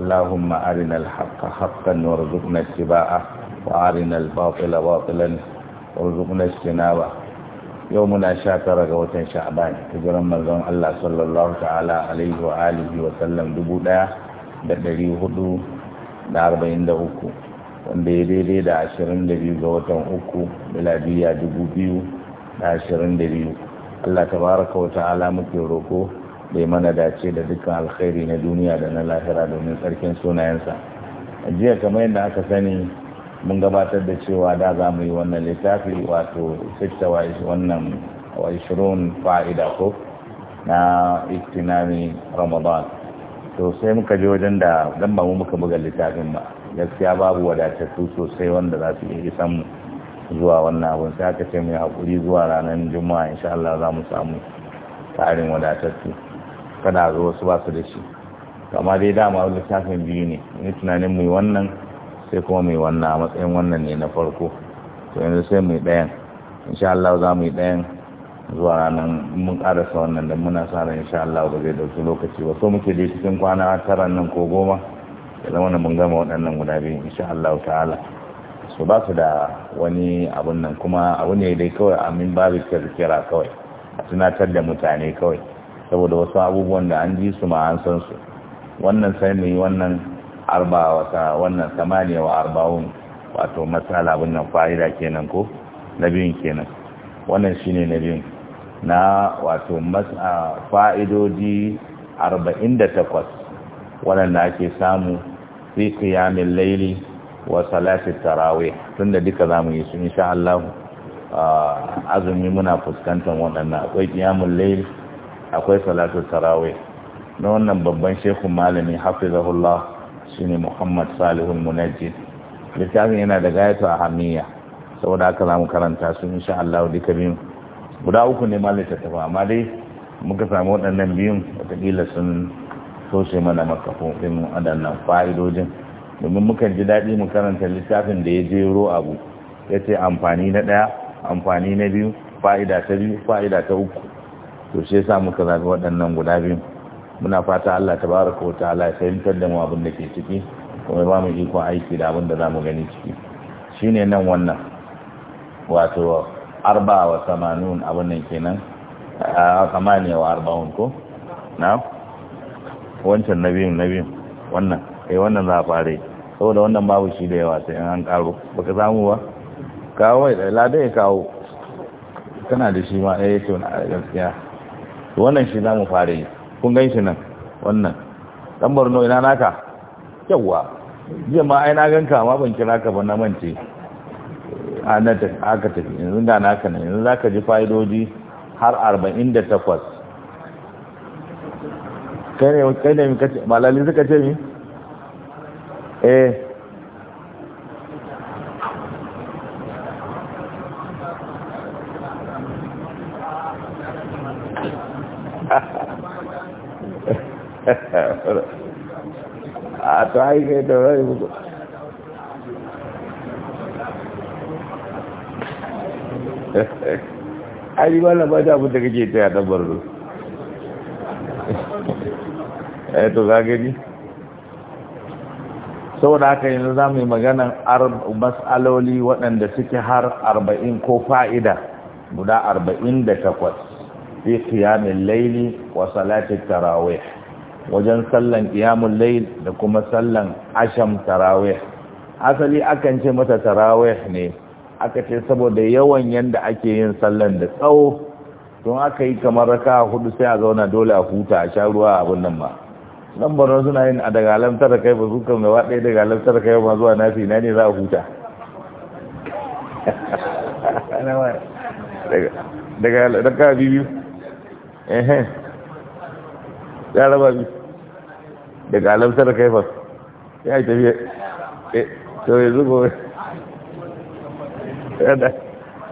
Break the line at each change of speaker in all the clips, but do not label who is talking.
اللهم أرنا الحق حقا وارزقنا اتباعه وأرنا الباطل باطلا وارزقنا اجتنابه يومنا شاكر غوتا شعبان تجرم مرزون الله صلى الله تعالى عليه وآله وسلم دبودا دقري هدو da arba'in da uku wanda ya daidai da ashirin da biyu ga watan uku miladiya dubu biyu da ashirin da biyu allah tabaraka wa ta'ala muke roko bai mana dace da dukkan alkhairi na duniya da na lahira domin tsarkin sunayensa jiya kamar yadda aka sani mun gabatar da cewa da za mu yi wannan littafi wato sitta wannan wa fa'ida ko na iktinami ramadan to sai muka je wajen da dan ba mu muka buga littafin ba gaskiya babu wadatattu sosai wanda za su iya isan mu zuwa wannan abun sai aka ce mu haƙuri zuwa ranar juma'a insha Allah za mu samu tsarin wadatattu kana zo wasu ba su da shi kama dai dama littafin biyu ne ni tunanin mai wannan sai kuma mai wannan a matsayin wannan ne na farko to yanzu sai mai ɗayan insha Allah za mu yi ɗayan zuwa ranar mun karasa wannan da muna sa ran insha Allah ba zai dauki lokaci ba so muke dai cikin kwana tara nan ko goma da zama mun gama waɗannan guda biyu insha Allah ta'ala su ba su da wani abun nan kuma abu ne dai kawai amin babu kira kawai tunatar da mutane kawai saboda wasu abubuwan da an ji su ma an san su wannan sai mu yi wannan arba wata wannan samaniya wa arba'un wato matsala wannan fa'ida kenan ko na biyun kenan wannan shine na biyun na wato fa'idoji 48 waɗanda ake samu fi qiyamil laili wa salati tarawih tunda duka za mu yi su insha Allah azumi muna fuskantar wannan akwai kiyamin laili akwai salatu tarawih na wannan babban shekun malami hafizahullah shine Muhammad salihun Munajjid littafin yana da a ahammiya saboda aka zamu karanta su insha Allah duka biyun guda uku ne ma littattafa amma dai muka samu waɗannan biyun watakila sun toshe mana makafofin waɗannan fa'idojin domin muka ji daɗi mu karanta littafin da ya jero abu ya ce amfani na ɗaya amfani na biyu fa'ida ta biyu fa'ida ta uku to shi yasa muka zabi waɗannan guda biyu muna fata Allah tabaraka wa ta'ala ya fahimtar da mu abin da ke ciki kuma ba mu ikon aiki da abin da za mu gani ciki shine nan wannan wato arba wa samanun abin nan kenan a samaniya wa arba'un ko na wancan na biyun na biyun wannan eh wannan za a yi saboda wannan babu shi da yawa sai an karo baka samu ba kawo da eh, ladai ya kawo kana da shi ma eh to na gaskiya wannan shi za mu fara yi kun gan shi nan wannan ɗan borno ina naka yawwa jiya ma ai na ganka ma ban kira ka ba na mance anata aka tafi yanzu da naka ne yanzu zaka ji fa'idoji har 48 kai ne kai ne malali suka ce mi eh a to ai kai da rai mutu ai wannan ba ta abu da kake ta ya tabbar da eh to ka gani saboda haka yanzu za mu yi maganan mas'aloli waɗanda suke har arba'in ko fa'ida guda arba'in da takwas fi kiyamin laili wa salatin tarawih wajen sallan iyamun layl da kuma sallan asham tarawih asali akan ce mata tarawih ne aka ce saboda yawan yanda ake yin sallan da tsawo don aka yi kamar raka hudu sai a zauna dole a huta a sha ruwa abun nan ba nan barno suna yin a daga alamtar kai ba su kan gaba ɗaya daga alamtar kai ba zuwa nafi na ne za a huta daga kai biyu ehem ya raba biyu daga da kaifas ya yi tafiya eh, to yanzu ya da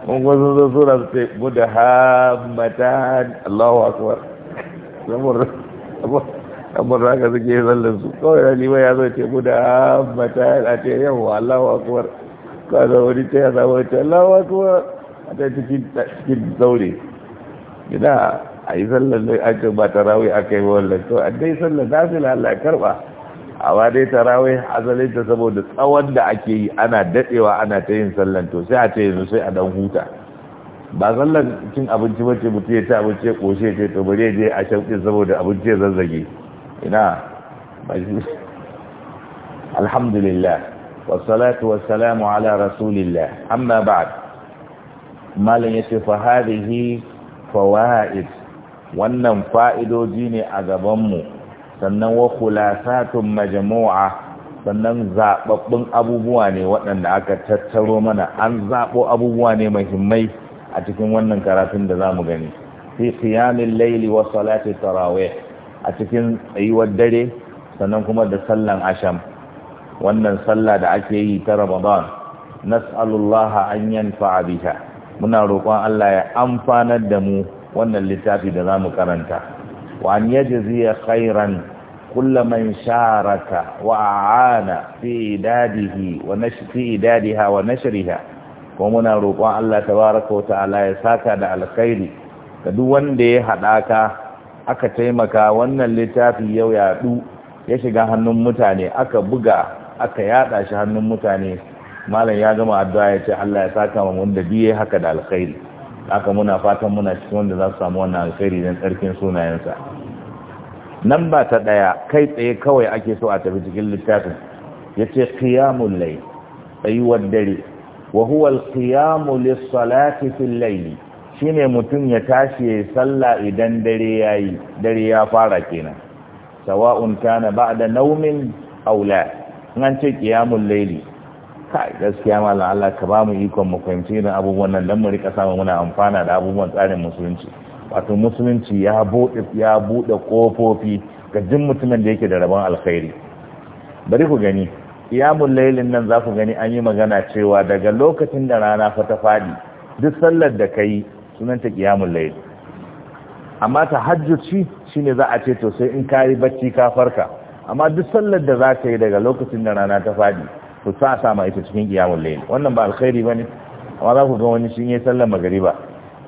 mun wasu zo sura su ce buda hamatan allahu akbar abin raka suke yi zallar su kawai da liman ya zo ce buda hamatan a ce wa allahu akbar kawai da wani ce ya wani ce allahu akbar a ta cikin zaure gina a yi sallar da aka ba a aka yi wallar to a dai sallar su lalata ya karba ba dai ta rawai azalin ta saboda tsawon da ake yi ana dadewa ana ta yin sallar to sai a ce yanzu sai a dan huta ba sallar cin abinci mace mutu ya ci abinci ya koshe ce to bari je a shauƙin saboda abinci ya zazzage ina ba shi alhamdulillah wasalatu wasalamu ala rasulillah amma malin malam ce fa hadhihi fawaid wannan fa'idoji ne a gabanmu sannan wa kulasatun majmu'a sannan zaɓaɓɓun abubuwa ne waɗanda aka tattaro mana an zaɓo abubuwa ne mahimmai a cikin wannan karatun da za mu gani fi qiyamil laili wa salati tarawih a cikin tsayuwar dare sannan kuma da sallan asham wannan sallah da ake yi ta ramadan nas'alullaha an yanfa'a biha muna roƙon Allah ya amfanar da mu wannan littafi da zamu karanta wa an yajzi khairan kull man sharaka wa aana fi idadihi wa nashfi idadiha wa nashriha ko muna roƙon Allah tabaaraka wa ta'ala ya saka da alkhairi ga duk wanda ya haɗaka aka taimaka wannan littafi yau ya yaɗu ya shiga hannun mutane aka buga aka yada shi hannun mutane malam ya gama addu'a ya ce Allah ya saka mu wanda biye haka da alkhairi haka muna fatan muna cikin wanda za su samu wannan alkhairi don tsarkin sunayensa nan ba ta ɗaya kai tsaye kawai ake so a tafi cikin littafin ya ce ƙiyamun lai tsayuwar dare wa huwa alƙiyamu lissalati fil laili shine mutum ya tashi ya salla idan dare yayi dare ya fara kenan sawa'un kana ba'da naumin aw la an ce qiyamul layli kai gaskiya malam Allah ka ba mu ikon mu fahimci irin abubuwan nan dan mu rika samu muna amfana da abubuwan tsarin musulunci wato musulunci ya bude ya bude kofofi ga jin mutumin da yake da rabon alkhairi bari ku gani iyamul lailin nan za ku gani an yi magana cewa daga lokacin da rana fa ta fadi duk sallar da kai sunanta qiyamul layl amma ta hajjuci shine za a ce to sai in kari bacci ka farka amma duk sallar da za ka yi daga lokacin da rana ta fadi ku sa sa ma ita cikin kiyamun layl wannan ba alkhairi ba ne? amma za ku ga wani shin ya sallar magariba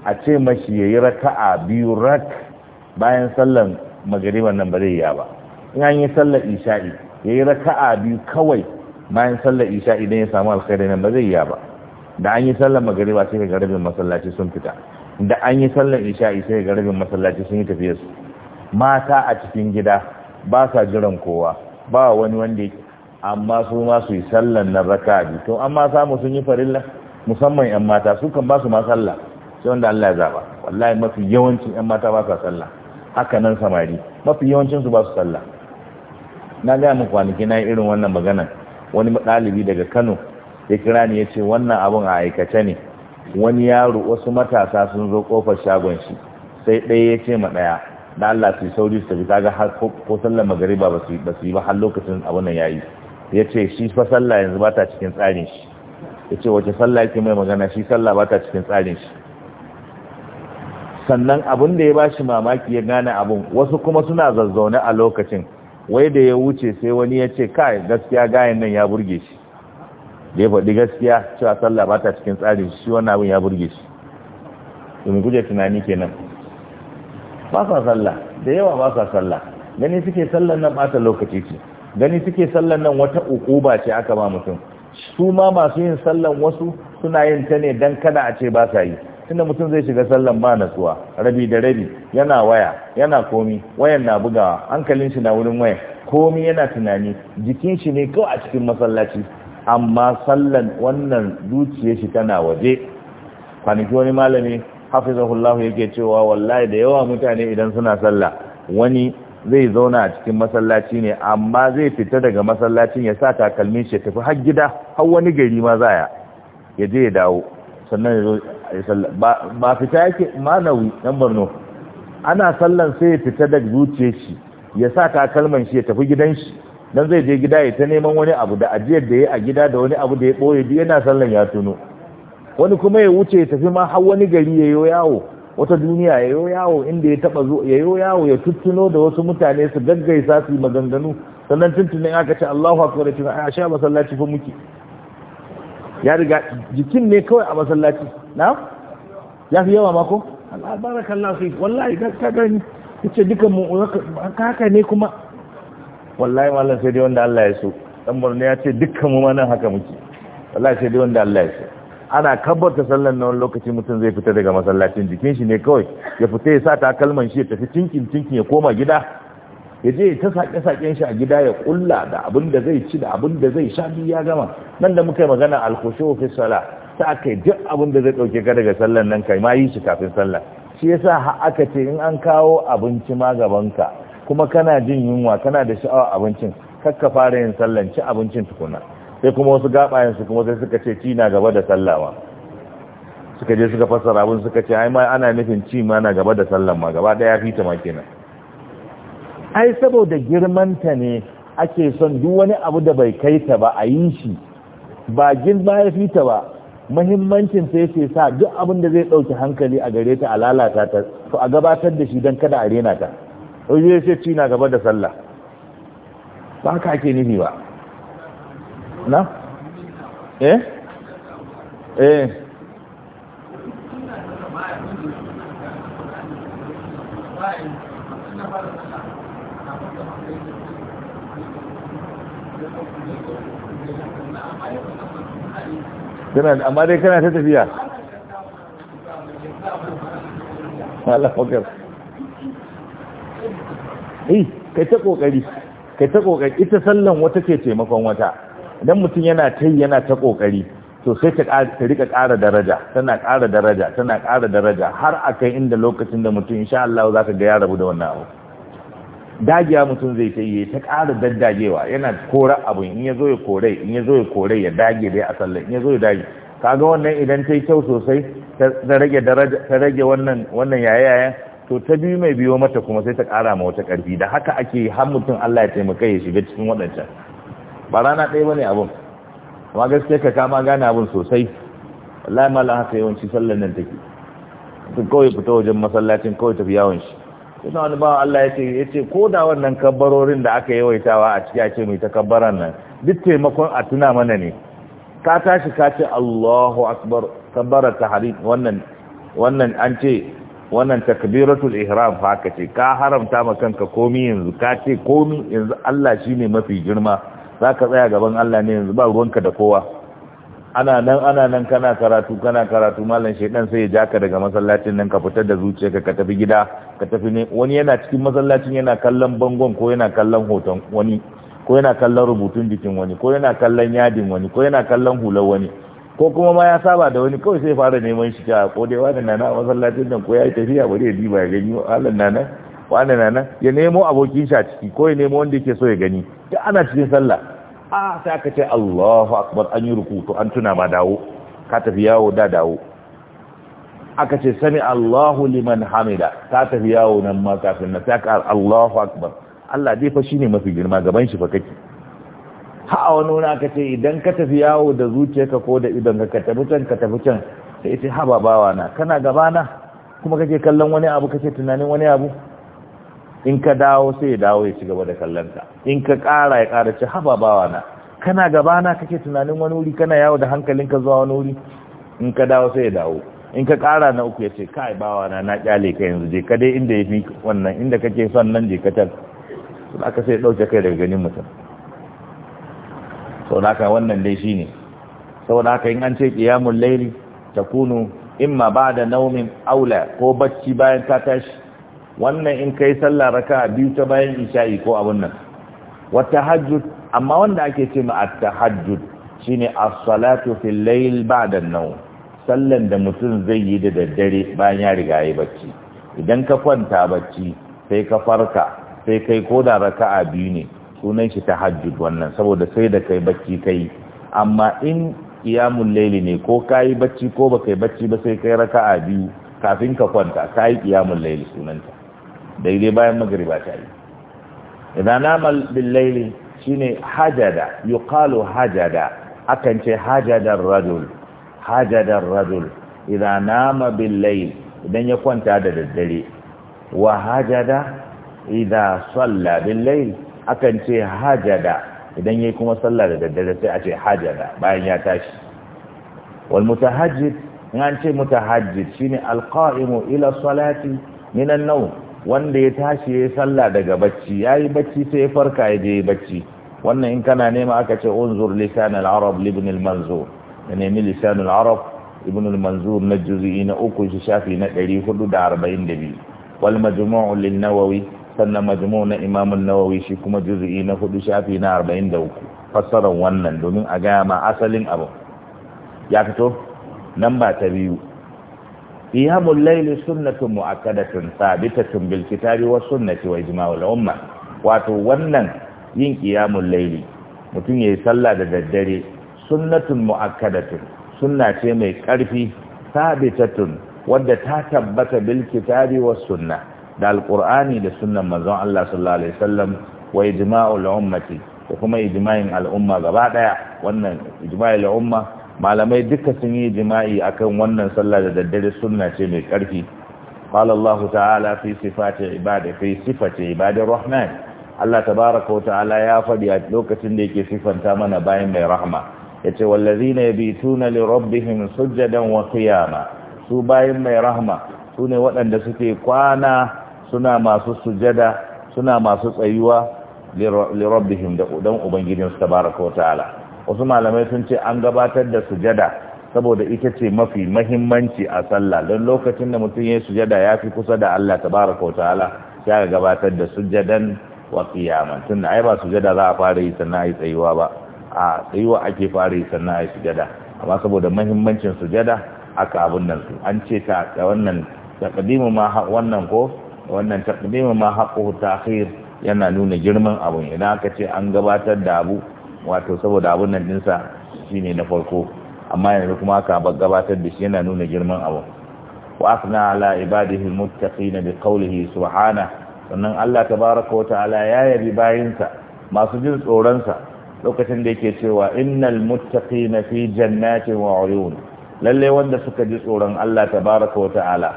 a ce mashi yayi raka'a biyu rak bayan sallar magariban nan ba zai yi ba in an yi sallan isha'i yayi raka'a biyu kawai bayan sallar isha'i dan ya samu alkhairi nan ba zai yi ba da an yi sallar magariba sai ga rabin masallaci sun fita da an yi sallar isha'i sai ga rabin masallaci sun yi tafiyarsu mata a cikin gida ba sa jiran kowa ba wani wanda ya amma su ma su yi sallan na raka to to amma samu sun yi farilla musamman yan mata su kan ba su ma sallah sai wanda Allah ya zaba wallahi mafi yawancin yan mata ba su sallah haka nan samari mafi yawancin su ba su sallah na ga mu kwanaki na irin wannan magana wani dalibi daga Kano ya kira ni ya ce wannan abun a aikace ne wani yaro wasu matasa sun zo kofar shagon shi sai ɗaya ya ce ma ɗaya da Allah su yi sauri su tafi kaga har ko sallar magariba ba su yi ba har lokacin abun nan yayi ya ce shi fa sallah yanzu ba ta cikin tsarin shi ya ce wace sallah yake mai magana shi sallah ba ta cikin tsarin shi sannan abin da ya ba shi mamaki ya gane abin wasu kuma suna zazzaune a lokacin wai da ya wuce sai wani ya ce kai gaskiya gayan nan ya burge shi da ya faɗi gaskiya cewa sallah ba ta cikin tsarin shi wani abin ya burge shi domin guje tunani kenan ba sa sallah da yawa ba sa sallah gani suke sallan nan ɓata lokaci ce gani suke sallan nan wata uku ba ce aka ba mutum su ma masu yin sallan wasu suna yin ta ne dan kada a ce ba sa yi tunda mutum zai shiga sallan ba natsuwa rabi da rabi yana waya yana komi wayan na bugawa hankalin shi na wurin waya komi yana tunani jikin shi ne kawai a cikin masallaci amma sallan wannan zuciya shi tana waje kwanaki wani malami hafizahullahu yake cewa wallahi da yawa mutane idan suna sallah wani zai zauna a cikin masallaci ne amma zai fita daga masallacin ya sa takalmin shi tafi har gida har wani gari ma zaya ya je ya dawo sannan ya zo ba fita yake manawi nan Borno ana sallan sai ya fita daga zuciyar shi ya sa takalman shi ya tafi gidan shi dan zai je gida ya ta neman wani abu da ajiyar da ya a gida da wani abu da ya boye duk yana sallan ya tuno wani kuma ya wuce ya tafi ma har wani gari ya yi yawo wata duniya ya yo yawo inda ya taba zuwa ya yo yawo ya tuttuno da wasu mutane su gaggaisa su yi maganganu sannan tuntunin aka ce Allahu akbar tun a sha masallaci fa muke ya riga jikin ne kawai a masallaci na ya fi yawa mako barakallahu fi wallahi ka gani kace dukan mu haka ne kuma wallahi mallan sai dai wanda Allah ya so dan murna ya ce dukkan mu ma nan haka muke wallahi sai dai wanda Allah ya so ana kabbata sallan na wani lokaci mutum zai fita daga masallacin jikin shi ne kawai ya fita ya sa takalman shi ya tafi cinkin cinkin ya koma gida ya je ta sake saken shi a gida ya kulla da abin da zai ci da abin da zai sha biyu ya gama nan da muka yi magana alkhushu fi sala ta aka duk abin da zai dauke ka daga sallan nan kai ma yi shi kafin sallah shi yasa aka ce in an kawo abinci ma gabanka kuma kana jin yunwa kana da sha'awar abincin kakka fara yin sallan ci abincin tukuna sai kuma wasu gabayen su kuma sai suka ce ci na gaba da sallama suka je suka fassara abin suka ce ai ma ana nufin ci ma na gaba da sallama gaba daya fita ma kenan ai saboda girmanta ne ake son duk wani abu da bai kai ta ba a yi shi ba girma ya fita ba muhimmancin sai ce sa duk abin da zai ɗauki hankali a gare ta a lalata ta to a gabatar da shi don kada a rena ta sai ce ci na gaba da sallah ba ka ake nufi ba na
eh eh kana amma dai kana ta tafiya Allah
fakar eh kai ta kokari kai ta kokari ita sallan wata ke taimakon wata idan mutum yana ta yi yana ta kokari to sai ta rika ƙara daraja tana ƙara daraja tana ƙara daraja har a kai inda lokacin da mutum insha Allah za ka ga ya rabu da wannan abu dagiya mutum zai ta yi ta ƙara daddagewa yana kora abu in ya zo ya kore in ya zo ya kore ya dage dai a sallar in ya zo ya dage kaga wannan idan ta yi kyau sosai ta rage daraja ta rage wannan wannan yayayen to ta biyu mai biyo mata kuma sai ta ƙara ma wata ƙarfi da haka ake har mutum Allah ya taimaka ya shiga cikin waɗancan ba rana ɗaya ba ne abin amma gaske ka kama gane abin sosai wallahi ma haka yawanci sallar nan take duk kawai fita wajen masallacin kawai tafi yawon shi ina wani bawa Allah ya ce ya ce ko da wannan kabbarorin da aka yawaitawa a ciki a ce mai ta kabbaran nan duk taimakon a tuna mana ne ka tashi ka ce Allahu akbar kabbarar tahrim wannan wannan an ce wannan takbiratul ihram fa ka ce ka haramta ma kanka komi yanzu ka ce komi yanzu Allah shine mafi girma za ka tsaya gaban Allah ne yanzu ba ruwanka da kowa ana nan ana nan kana karatu kana karatu malam shaidan sai ya jaka daga masallacin nan ka fitar da zuciyarka ka tafi gida ka tafi ne wani yana cikin masallacin yana kallon bangon ko yana kallon hoton wani ko yana kallon rubutun jikin wani ko yana kallon yadin wani ko yana kallon hular wani ko kuma ma ya saba da wani kawai sai fara neman shi ta ko dai wani nana a masallacin nan ko ya yi tafiya bari ya diba ya gani wani nana wani nana ya nemo abokin shi a ciki ko ya nemo wanda yake so ya gani da ana cikin sallah a sai aka ce Allahu akbar an yi rukutu an tuna ma dawo ka tafi yawo da dawo aka ce sami Allahu liman hamida ka tafi yawo nan ma kafin na sai Allahu akbar Allah dai fa shine mafi girma gaban shi fa kake ha a wani wani aka ce idan ka tafi yawo da zuciyarka ko da idan ka tafi can ka tafi can sai ita haba na kana gabana kuma kake kallon wani abu kake tunanin wani abu in ka dawo sai ya dawo ya ci gaba da kallonka in ka ƙara ya ƙara ci haba bawa na kana gabana kake tunanin wani wuri kana yawo da hankalinka zuwa wani wuri in ka dawo sai ya dawo in ka ƙara na uku ya ce kai bawa na na ƙyale ka yanzu je ka dai inda ya fi wannan inda kake son nan je ka tal sun aka sai ɗauke kai daga ganin mutum sau da wannan dai shi ne sau da in an ce ƙiyamun laili ta kunu in ma ba da naumin aula ko bacci bayan ka tashi wannan in kai sallah raka'a biyu ta bayan isha'i ko abun nan wata tahajjud amma wanda ake ce ma at shi shine a salatu fil layl ba da nau sallan da mutum zai yi da daddare bayan ya riga ya bacci idan ka kwanta bacci sai ka farka sai kai ko raka raka'a biyu ne sunan shi ta hajju wannan saboda sai da kai bacci kai amma in iyamun laili ne ko ka yi bacci ko ba kai bacci ba sai kai raka'a biyu kafin ka kwanta ka yi iyamun laili sunanta daidai bayan magariba ta yi idan nama billaili shine hajada yuqalu hajada akan ce hajadar rajul hajadar rajul idan nama billail idan ya kwanta da daddare wa hajada idan salla billail akan ce hajada idan yayi kuma salla da daddare sai a ce hajada bayan ya tashi wal mutahajjid in an ce mutahajjid shine alqa'imu ila salati minan nawm wanda ya tashi ya sallah daga bacci ya yi bacci sai ya farka ya je bacci wannan in kana nema aka ce unzur lisan al-arab ibn al-manzur ya nemi lisan al-arab ibn al-manzur na juz'i na uku shi shafi na 442 wal majmu'u lin-nawawi sannan majmu'u na imam an-nawawi shi kuma juz'i na hudu shafi na 43 fassarar wannan domin a ga ma asalin abu ya fito ba ta biyu qiyamul layli sunnatun mu'akkadatun sabitatun bil kitabi was sunnati wa ijma'ul umma wato wannan yin qiyamul layli mutum yayi sallah da daddare sunnatun mu'akkadatun sunna ce mai karfi sabitatun wadda ta tabbata bil kitabi sunna da alqur'ani da sunnan manzon Allah sallallahu alaihi wasallam wa ijma'ul ummati da kuma ijma'in al'umma gaba ɗaya, wannan ijma'il umma malamai duka sun yi jima'i akan wannan sallah da daddare sunna ce mai karfi qala Allah ta'ala fi sifati ibadi fi sifati ibadi rahman Allah tabaaraka wa ta'ala ya fadi a lokacin da yake sifanta mana bayan mai rahma yace wallazina yabituna li rabbihim sujadan wa qiyama su bayan mai rahma su ne waɗanda suke kwana suna masu sujada suna masu tsayuwa li da udan ubangijinsu tabaaraka wa ta'ala wasu malamai sun ce an gabatar da sujada saboda ita ce mafi mahimmanci a sallah don lokacin da mutum ya sujada ya fi kusa da Allah tabaraka wa ta'ala ya gabatar da sujadan wa qiyaman da ai ba sujada za a fara yi sannan ai tsayuwa ba a tsayuwa ake fara yi sannan ai sujada amma saboda mahimmancin sujada aka abun nan su an ce ta da wannan taqdimu ma wannan ko wannan taqdimu ma haqqu ta'khir yana nuna girman abun idan aka ce an gabatar da abu wato saboda abun nan dinsa shine na farko amma yanzu kuma aka gabatar da shi yana nuna girman abu wa asna ala ibadihi almuttaqin bi qawlihi subhana sannan Allah tabaaraka wa ta'ala ya yabi bayinsa masu jin tsoron sa lokacin da yake cewa innal muttaqin fi jannatin wa uyun lalle wanda suka ji tsoron Allah tabaaraka wa ta'ala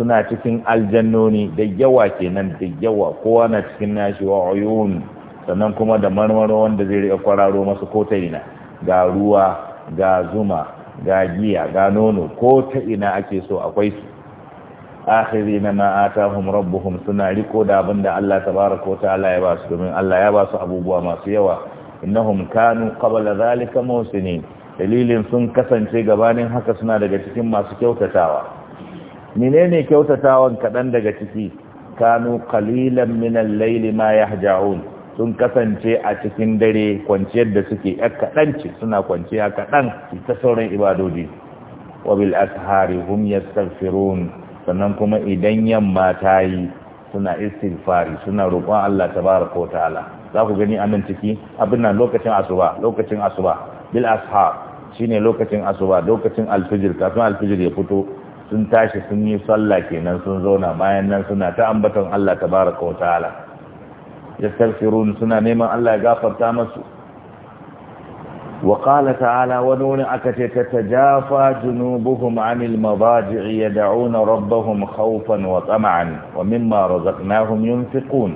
suna cikin aljannoni da yawa kenan da yawa kowa na cikin nashi wa uyun sannan kuma da marmaro wanda zai riƙa kwararo masu ko ta ina ga ruwa ga zuma ga giya ga nono ko ta ina ake so akwai su akhiri na ma'atahum rabbuhum suna riko da abin da Allah ta tabaraka ta'ala ya ba su domin Allah ya ba su abubuwa masu yawa innahum kanu qabla zalika musinin dalilin sun kasance gabanin haka suna daga cikin masu kyautatawa menene kyautatawan kadan daga ciki kanu qalilan min al-layli ma yahja'un sun kasance a cikin dare kwanciyar da suke yar kaɗan ce suna kwanciya kaɗan ta sauran ibadodi wabil ashari hum yastaghfirun sannan kuma idan yamma ta yi suna istighfari suna roƙon Allah tabaraka ta'ala za ku gani anan ciki abin nan lokacin asuba lokacin asuba bil ashar shine lokacin asuba lokacin alfijir kafin alfijir ya fito sun tashi sun yi sallah kenan sun zauna bayan nan suna ta ambaton Allah tabaraka ta'ala. ya tarfiru suna neman Allah ya gafarta masu wa qala ta'ala wa nuna aka ce ta tajafa junubuhum anil ya yad'una rabbahum khawfan wa tama'an wa mimma razaqnahum yunfiqun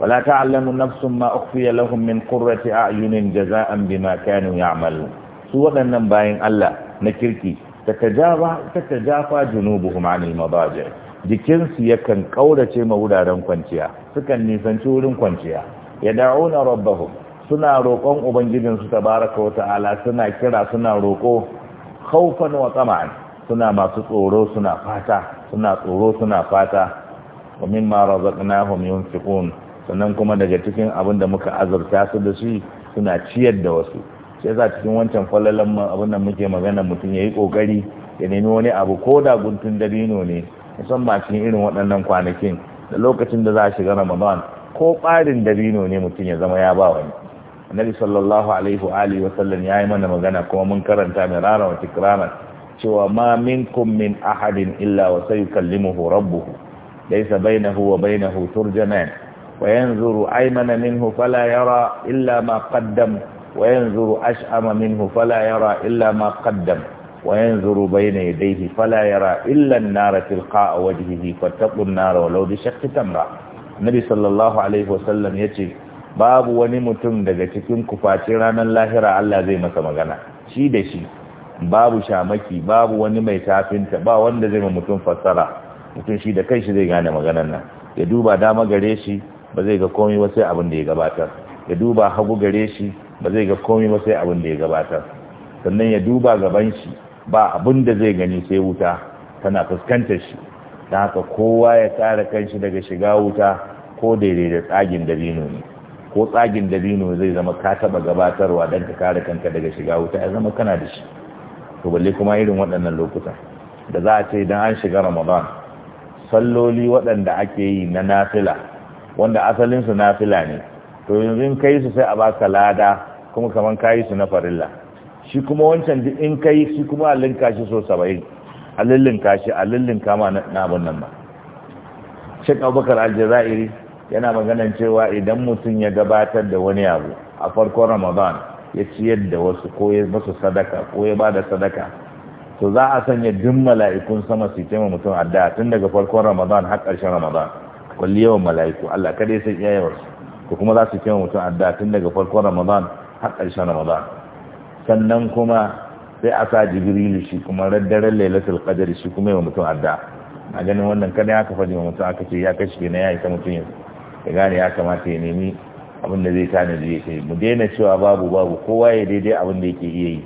wa la ta'lamu nafsun ma ukhfiya lahum min qurrati a'yunin jaza'an bima kanu ya'malun su wadannan bayin Allah na kirki ta tajafa ta tajafa junubuhum anil mabaji'i jikinsu yakan ƙaurace ma wuraren kwanciya sukan nisanci wurin kwanciya ya da'una rabbahum suna roƙon ubangijin tabaraka wa ta'ala suna kira suna roƙo khaufan wa tama'an suna masu tsoro suna fata suna tsoro suna fata wa mimma razaqnahum yunfiqun sannan kuma daga cikin abin da muka azurta su da shi suna ciyar da wasu sai za cikin wancan falalan abin da muke magana mutum yayi kokari ya nemi wani abu ko da guntun dabino ne musamman cikin irin waɗannan kwanakin da lokacin da za a shiga ramadan ko ƙarin dabino ne mutum ya zama ya ba wani annabi sallallahu alaihi wa alihi wasallam yayi mana magana kuma mun karanta mirara wa tikrara cewa ma minkum min ahadin illa wa sayukallimuhu rabbuhu laysa bainahu wa bainahu turjaman wa yanzuru aymana minhu fala yara illa ma qaddam wa yanzuru ash'ama minhu fala yara illa ma qaddam وينظر بين يديه فلا يرى إلا النار تلقاء وجهه فاتقوا النار ولو بشق تمرة النبي صلى الله عليه وسلم يتي باب ونمتم دقتكم كفاتران الله رأى الله زي ما سمغنا شي دشي babu shamaki babu wani mai tafinta ba wanda zai mutum fassara mutum shi da kai shi zai gane maganan nan ya duba dama gare shi ba zai ga komai ba sai abin da ya gabata ya duba hagu gareshi shi ba zai ga komai ba sai abin da ya gabata sannan ya duba gaban shi ba abin da zai gani sai wuta tana fuskantar shi Ta haka kowa ya tsara kanshi daga shiga wuta ko daidai da tsagin dabino ne ko tsagin dabino zai zama ka taba gabatarwa don ka kare kanka daga shiga wuta ya zama kana da shi to balle kuma irin waɗannan lokutan da za a ce idan an shiga ramadan salloli waɗanda ake yi na nafila wanda asalinsu nafila ne to yanzu kai su sai a baka lada kuma kamar kayi su na farilla shi kuma wancan duk in kai shi kuma a linka shi so saba'in a lullunka shi a lullunka ma na abin nan ba shek abubakar aljazairi yana maganan cewa idan mutum ya gabatar da wani abu a farkon ramadan ya ciyar da wasu ko ya masu sadaka ko ya ba sadaka to za a sanya duk mala'ikun sama su taimaka mutum addu'a tun daga farkon ramadan har ƙarshen ramadan kulli yawan mala'iku Allah kada ya san iyayensu ko kuma za su taimaka mutum addu'a tun daga farkon ramadan har ƙarshen ramadan sannan kuma sai a sa jibrilu shi kuma raddaren lailatul qadr shi kuma yawa mutum adda a ganin wannan kada ya kafa jima mutum aka ce ya kashi ke na ya ta mutum ya gane ya kamata ya nemi abin da zai tana da kai mu daina cewa babu babu kowa ya daidai abin da yake iya yi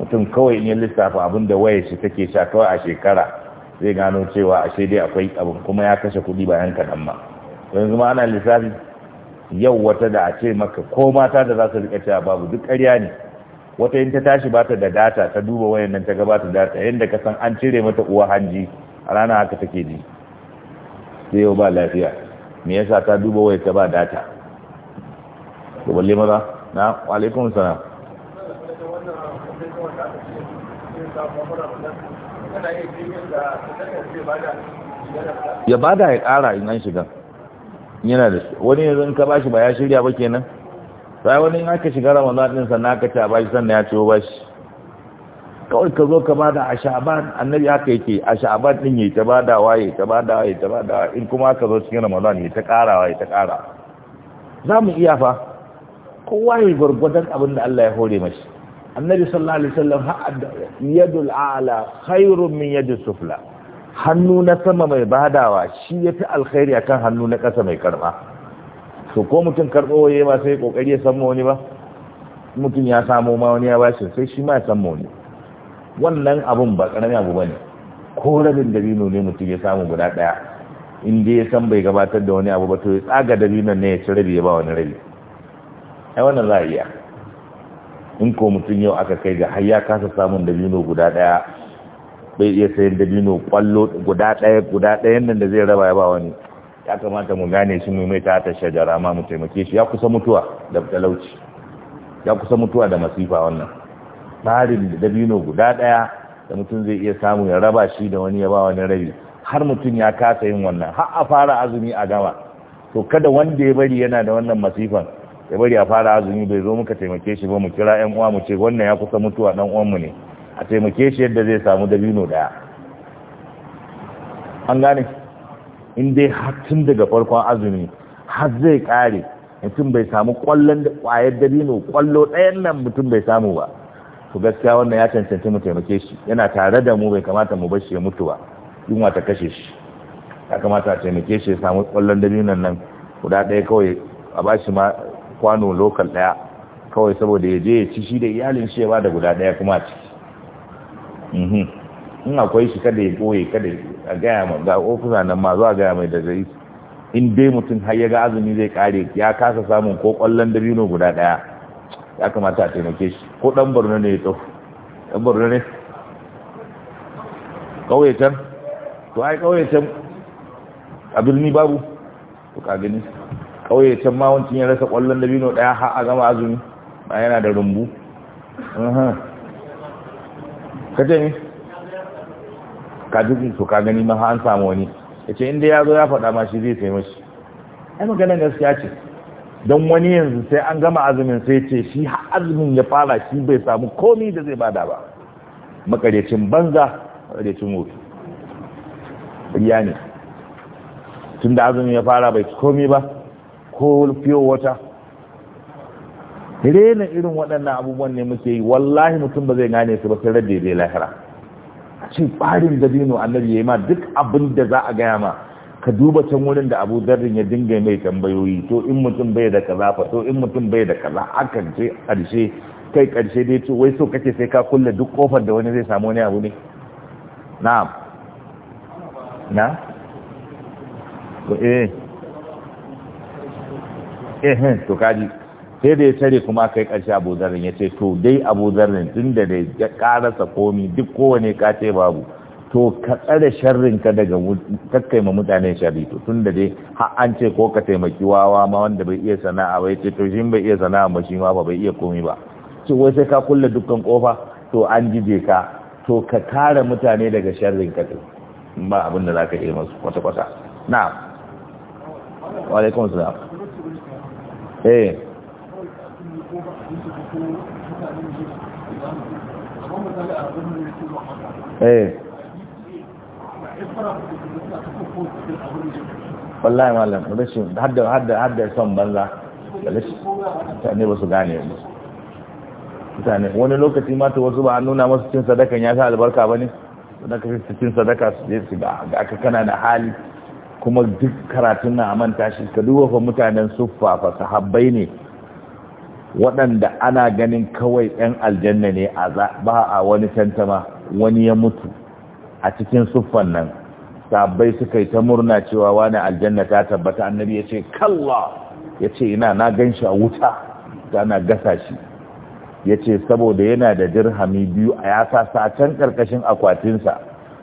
mutum kawai in ya lissafa abin da waya shi take sha kawai a shekara zai gano cewa ashe dai akwai abin kuma ya kashe kuɗi bayan kaɗan ma yanzu ma ana lissafi yau wata da a ce maka ko mata da za su riƙa cewa babu duk ƙarya ne wata yin ta tashi ba ta da data ta duba wayan nan ta gabata data yadda ka san an cire mata uwa hanji a rana haka take ji sai yau ba lafiya me yasa ta duba wayan ta ba data to balle maza na alaikum salam ya bada ya kara in an shiga yana da wani yanzu in ka bashi ba ya shirya ba kenan sai wani in aka shiga ramadan din sannan aka ci a bashi sannan ya ciwo bashi kawai ka zo ka bada a sha'aban annabi haka yake a sha'aban din yayi ta badawa waye ta badawa waye ta badawa in kuma aka zo cikin ramadan yayi ta karawa yayi ta kara za mu iya fa kowa ya gurgurdan abin da Allah ya hore mashi annabi sallallahu alaihi wasallam yadul a'la khairun min yadis sufla hannu na sama mai badawa shi yafi alkhairi akan hannu na ƙasa mai karba so ko mutum karɓo waye ba sai kokari ya san wani ba mutum ya samo ma wani ya bashi sai shi ma ya san wani wannan abun ba karami abu bane ko rabin dabino ne mutum ya samu guda ɗaya in dai ya san bai gabatar da wani abu ba to ya tsaga dabinon ne ya ci rabi ya ba wani rabi ai wannan za a iya in ko mutum yau aka kai ga har ya kasa samun dabino guda ɗaya bai iya sayan dabino kwallo guda ɗaya guda ɗayan nan da zai raba ya ba wani ya kamata mu gane shi mai ta ta shajara ma mu taimake shi ya kusa mutuwa da talauci ya kusa mutuwa da masifa wannan tsarin da dabino guda daya da mutum zai iya samu ya raba shi da wani ya ba wani rabi har mutum ya kasa yin wannan har a fara azumi a gama to kada wanda ya bari yana da wannan masifan ya bari a fara azumi bai zo muka taimake shi ba mu kira yan uwa mu ce wannan ya kusa mutuwa dan uwan mu ne a taimake shi yadda zai samu dabino daya an gane in dai tun daga farkon azumi har zai kare mutum bai samu kwallon kwayar dabino kwallo ɗayan nan mutum bai samu ba to gaskiya wannan ya cancanci mu taimake shi yana tare da mu bai kamata mu bashi ya mutu ba yunwa ta kashe shi ya kamata a taimake shi ya samu kwallon dabinon nan guda ɗaya kawai a bashi ma kwano lokal ɗaya kawai saboda ya je ya ci shi da iyalin shi ya ba da guda ɗaya kuma a ciki mhm. in akwai shi kada ya ɓoye kada a gaya ma ga ofisa nan ma zuwa gaya mai da zai in dai mutum har ya ga azumi zai kare ya kasa samun ko ƙwallon dabino guda ɗaya ya kamata a taimake shi ko ɗan borno ne ya tsof ɗan borno ne can? to ai can a birni babu to ka gani can ma wancan ya rasa ƙwallon dabino ɗaya har a gama azumi ma yana da rumbu ka ce ni. Ka kafin su ka gani ma an samu wani ya ce inda ya zo ya faɗa ma shi zai mashi ai maganar gaskiya ce don wani yanzu sai an gama azumin sai ce shi azumin ya fara shi bai samu komi da zai bada ba makarecin banza makarecin wuta ya ne tun da azumin ya fara bai komi ba ko fiye wata rena irin waɗannan abubuwan ne muke yi wallahi mutum ba zai gane su ba sai rabe zai lahira ce ɓarin dabino annabi ya yi ma duk abin da za a gaya ma ka duba can wurin da abu zarrin ya dinga mai tambayoyi to in mutum bai da kaza fa to in mutum bai da kaza aka ce karshe kai karshe dai to wai so kake sai ka kulle duk kofar da wani zai samu wani abu ne na'am na to eh eh, eh to kaji sai da ya tare kuma kai ƙarshe abu zarin ya ce to dai abu zarin tun da dai ya ƙarasa komi duk kowane ka ce babu to ka tsare sharrin ka daga kakkaima mutane sharri to tun da dai har an ce ko ka taimaki wawa ma wanda bai iya sana'a bai ce to shin bai iya sana'a ba shi ma ba bai iya komi ba ce wai sai ka kulle dukkan kofa to an jije ka to ka kare mutane daga sharrin ka to ba abin da za ka iya masu kwata-kwata na wa alaikum salam eh eh wallahi malam hadda hadda banza wani lokaci ma wasu ba an nuna masu cin sadakan ya sa albarka ba ne na kafin fi cin sadaka su je su ga aka kana da hali kuma duk karatun na a manta shi ka duba fa mutanen fafa fa sahabbai ne waɗanda ana ganin kawai 'yan aljanna ne a ba a wani tantama wani ya mutu a cikin suffan nan Sabai suka yi ta murna cewa wani aljanna ta tabbata annabi ya ce kalla ya ce ina na gan shi a wuta na gasa shi ya ce saboda yana da dirhami biyu a yasa sa can ƙarƙashin akwatinsa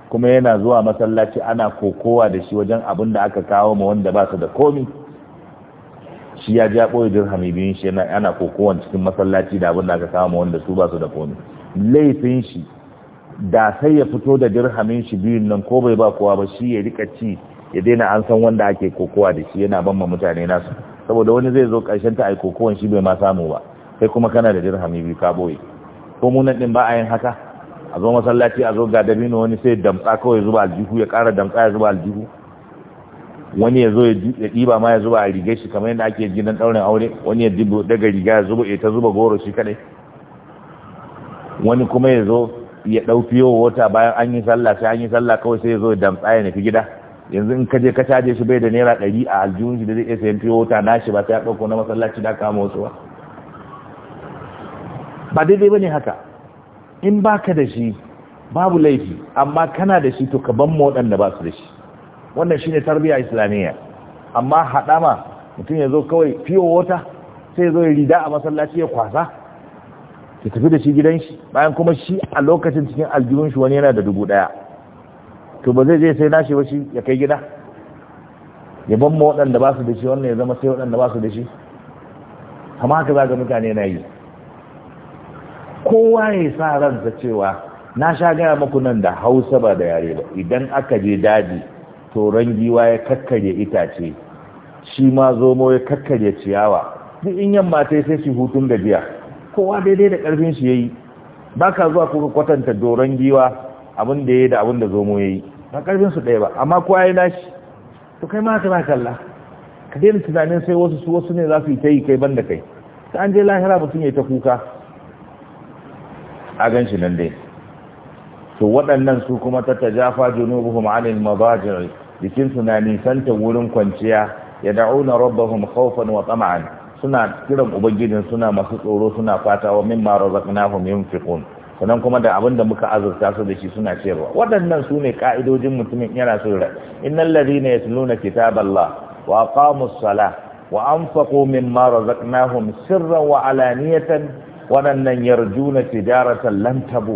kuma yana zuwa masallaci ana kokowa da shi wajen abin da aka kawo ma wanda ba su da komi shi ya ja ɓoye dirhami biyun shi yana ana kokowan cikin masallaci da abin da aka kama wanda su ba su da komi laifin shi da sai ya fito da dirhamin shi biyun nan ko bai ba kowa ba shi ya rika ci ya daina an san wanda ake kokowa da shi yana ban ma mutane nasu saboda wani zai zo ƙarshen ta a kokowan shi bai ma samu ba sai kuma kana da dirhami biyu ka ɓoye ko na ɗin ba a yin haka a zo masallaci a zo ga dabino wani sai damtsa kawai zuba aljihu ya kara damtsa ya zuba aljihu wani ya zo ya ɗiba ma ya zuba a rigar shi kamar yadda ake gidan ɗaurin aure wani ya daga riga ya zuba ta zuba goro shi kadai wani kuma ya zo ya ɗau fiyo wata bayan an yi sallah sai an yi sallah kawai sai ya zo ya damtsa ya nufi gida yanzu in kaje ka caje shi bai da naira ɗari a aljihun shi da zai iya sayan fiyo wata na shi ba sai ya ɗauko na masallaci da kama wasu ba ba dai ba ne haka in baka da shi babu laifi amma kana da shi to ka ban ma waɗanda ba su da shi wannan shine tarbiya islamiyya amma ma mutum ya zo kawai fiye wata sai ya zo ya rida a masallaci ya kwasa ki tafi da shi gidan shi bayan kuma shi a lokacin cikin aljihun shi wani yana da dubu daya to ba zai je sai nashi ba shi ya kai gida ya ban ma waɗanda ba su da shi wannan ya zama sai waɗanda ba su da shi amma haka za ga mutane na yi kowa ya sa ransa cewa na sha gaya maku nan da hausa ba da yare ba idan aka je daji toron giwa ya kakkarya itace shi ma zomo ya kakkarya ciyawa duk in yamma ta sai shi hutun da biya. kowa daidai da karfin shi yayi ba ka zuwa kuka kwatanta doron giwa abin da ya da abin da zomo ya yi ba karfin su ɗaya ba amma kowa ya nashi to kai ma ka kalla ka daina tunanin sai wasu su wasu ne za su yi ta yi kai ban da kai ta an je lahira mutum ya ta kuka a gan shi nan dai to waɗannan su kuma ta tajafa junubuhum anil mabajir Bikin na nisanta wurin kwanciya ya da'una rabbahum khawfan wa tama'an suna kiran ubangijin suna masu tsoro suna fata wa mimma razaqnahum yunfiqun sannan kuma da abin da muka azurta su da shi suna cewa waɗannan su ne ka'idojin mutumin yana so rai innal ladhina yatluna kitaballah wa aqamus salah wa anfaqu mimma razaqnahum sirran wa alaniyatan waɗannan yarjuna tijaratan lam tabu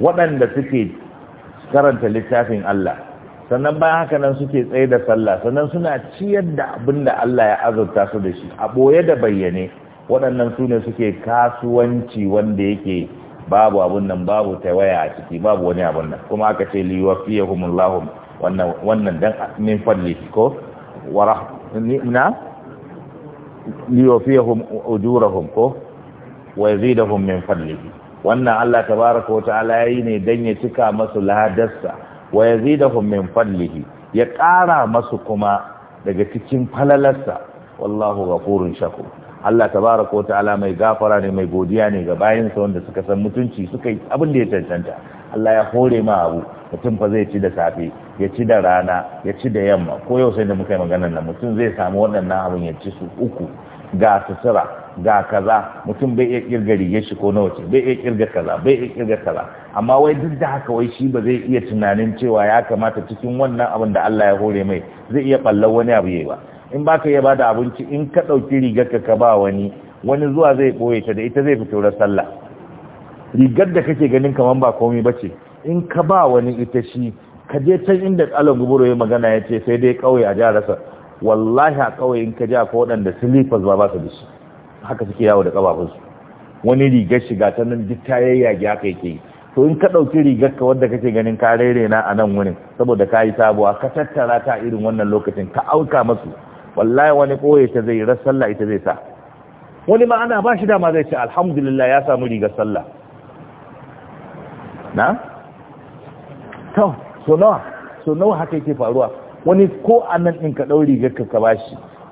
waɗanda suke karanta littafin Allah sannan bayan haka nan suke tsaye da sallah sannan suna ciyar da abin da Allah ya azurta su da shi a ɓoye da bayyane waɗannan su ne suke kasuwanci wanda yake babu abun nan babu tawaya a ciki babu wani abun nan kuma aka ce liwafiyahumullahu wannan wannan dan min fadli ko wa na liyofiyahum ujurahum ko wa yazidahum min fadlihi wannan Allah tabaaraka wa ta'ala yayi ne dan ya cika masu ladarsa wa yazidahum min fadlihi ya ƙara masu kuma daga cikin falalarsa wallahu ghafurun shakur Allah tabaraka wa ta'ala mai gafara ne mai godiya ne ga sa wanda suka san mutunci suka yi abin da ya tantanta Allah ya hore ma abu mutum fa zai ci da safe ya ci da rana ya ci da yamma ko yau sai da muka yi maganar nan mutum zai samu waɗannan abin ya ci su uku ga sutura ga kaza mutum bai iya kirga rigar shi ko na wace bai iya kirga kaza bai iya kirga kaza amma wai duk da haka wai shi ba zai iya tunanin cewa ya kamata cikin wannan abin da Allah ya hore mai zai iya balla wani abu yayi ba in baka iya bada abinci in ka dauki rigar ka ka ba wani wani zuwa zai boye ta da ita zai fito ra sallah rigar da kake ganin kamar ba komai bace in ka ba wani ita shi ka je can inda tsalon guburo ya magana ya ce sai dai kauye a jiharsa wallahi a kauye in ka ja ko waɗanda silifas ba ba su da shi haka suke yawo da kafafunsu wani rigar shiga ta nan duk ta yayyage haka yake yi to in ka ɗauki rigar ka wadda kake ganin ka rere na a nan wurin saboda ka yi sabuwa ka tattara ta irin wannan lokacin ka auka masu wallahi wani koye ta zai rar sallah ita zai sa wani ma ana ba shi dama zai ce alhamdulillah ya samu rigar sallah na? to so nawa haka yake faruwa wani ko a nan in ka ɗau rigar ka ka ba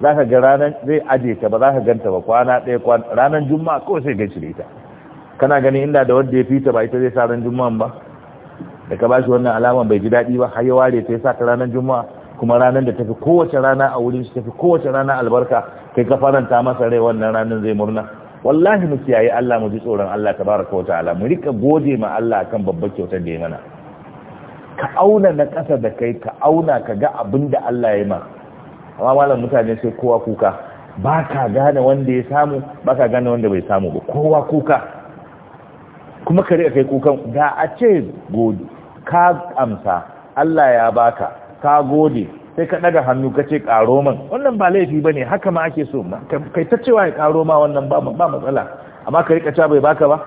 za ka ga ranar zai aje ta ba za ka ganta ba kwana ɗaya kwan ranar juma'a kawai sai gan da kana gani inda da wanda ya fita ba ita zai sa ran juma'an ba da ka bashi wannan alaman bai ji daɗi ba har ya ware ta ya sa ta ranar juma'a kuma ranar da tafi kowace rana a wurin shi tafi kowace rana albarka kai ka faranta masa rai wannan ranar zai murna wallahi mu kiyaye Allah mu ji tsoron Allah tabaraka wa ta'ala mu rika gode ma Allah kan babbar kyautar da ya mana ka auna na ƙasa da kai ka auna ka ga abin da Allah ya yi ma. amma malam mutane sai kowa kuka ba ka gane wanda ya samu ba ka gane wanda bai samu ba kowa kuka kuma ka riƙa kai kukan da a ce gode ka amsa Allah ya baka ka gode sai ka ɗaga hannu ka ce man wannan ba laifi ba ne haka ma ake so kai ta cewa ya karo ma wannan ba matsala amma ka riƙa cewa bai baka ba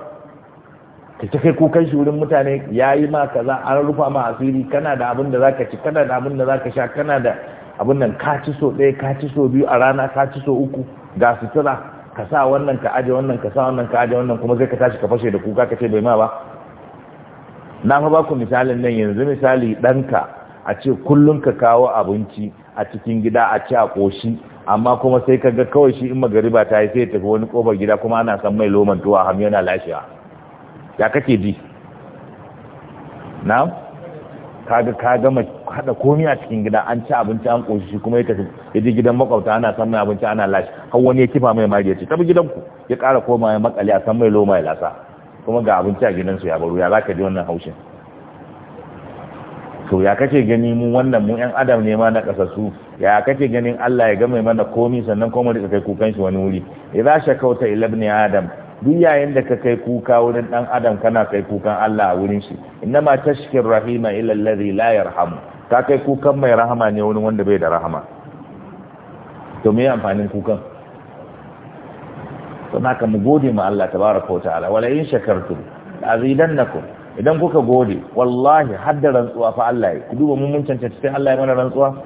ka ta kai kukan shi wurin mutane ya yi ma kaza an rufa ma asiri kana da abin da zaka ci kana da abin da zaka sha kana da abin nan ka ci so ɗaya ka ci so biyu a rana ka ci so uku ga sutura ka sa wannan ka aje wannan ka sa wannan ka aje wannan kuma zai ka tashi ka fashe da kuka ka ce bai ma ba na fa baku misalin nan yanzu misali ɗanka a ce kullum ka kawo abinci a cikin gida a ci a ƙoshi amma kuma sai ka ga kawai shi in magariba ta yi sai tafi wani ƙofar gida kuma ana san mai loman tuwa ham yana lashewa ya kake ji na'am kaga ka gama hada komi a cikin gida an ci abinci an koshi kuma ya tafi gidan makwabta ana san mai abinci ana lashi har wani ya kifa mai mari ya ce tabi gidanku ya ƙara koma ya makale a san mai loma ya lasa kuma ga abinci a gidansu ya baro ya zaka ji wannan haushin to ya kace gani mu wannan mu yan adam ne ma na kasasu ya kace ganin Allah ya gama mana komai sannan kuma rika kai kukan shi wani wuri idza shakauta ila ibn adam duk yayin da ka kai kuka wurin dan adam kana kai kukan Allah a wurin shi innama tashkir rahima ila allazi la yarhamu ka kai kukan mai rahama ne wani wanda bai da rahama to me amfanin kukan to naka mu gode ma Allah tabaraka wa ta'ala wala in shakartum azidannakum idan kuka gode wallahi hadda rantsuwa fa Allah ya duba mun mun cancanta sai Allah ya mana rantsuwa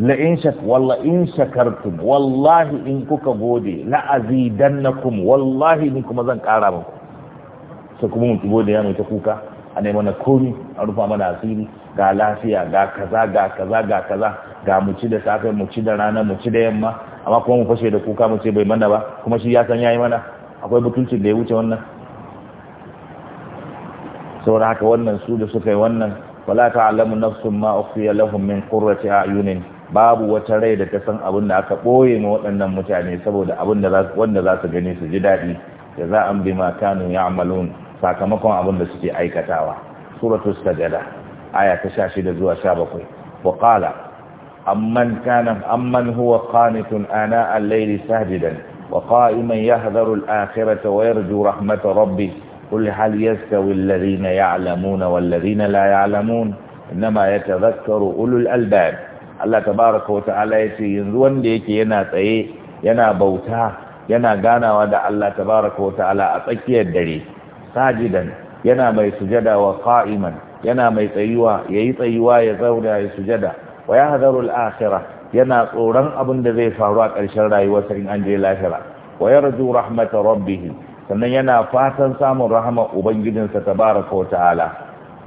la in shak walla in shakartum wallahi in kuka gode la azidannakum wallahi in kuma zan kara muku sai kuma mutu gode ya mutu kuka a nemi na komi a rufa mana asiri ga lafiya ga kaza ga kaza ga kaza ga mu ci da safe mu ci da rana mu ci da yamma amma kuma mu fashe da kuka mu ce bai mana ba kuma shi ya san yayi mana akwai butuncin da ya wuce wannan saboda haka wannan su da suka yi wannan wala ta'lamu nafsun ma ukhfiya lahum min qurrati a'yunin babu wata rai da ta san abin da aka ɓoye ma waɗannan mutane saboda abin da wanda za su gani su ji daɗi da za a bi makanu ya amalun sakamakon abin da suke aikatawa suratu sajada aya ta sha shida zuwa sha bakwai wa qala amman kana amman huwa qanitun ana al-layli sajidan wa qa'iman yahdharu al-akhirata wa yarju rahmata rabbi qul hal yastawi alladhina ya'lamuna wal ladhina la ya'lamun inma yatadhakkaru ulul albab Allah tabaraka wa ta'ala ya ce yanzu wanda yake yana tsaye yana bauta yana ganawa da Allah tabaraka wa ta'ala a tsakiyar dare sajidan yana mai sujada wa qa'iman yana mai tsayuwa yayi tsayuwa ya zauna ya sujada wa ya al-akhirah yana tsoron abin da zai faru a ƙarshen sa in an je lahira wa yarju rahmatar rabbih sannan yana fatan samun rahama ubangijinsa tabaraka wa ta'ala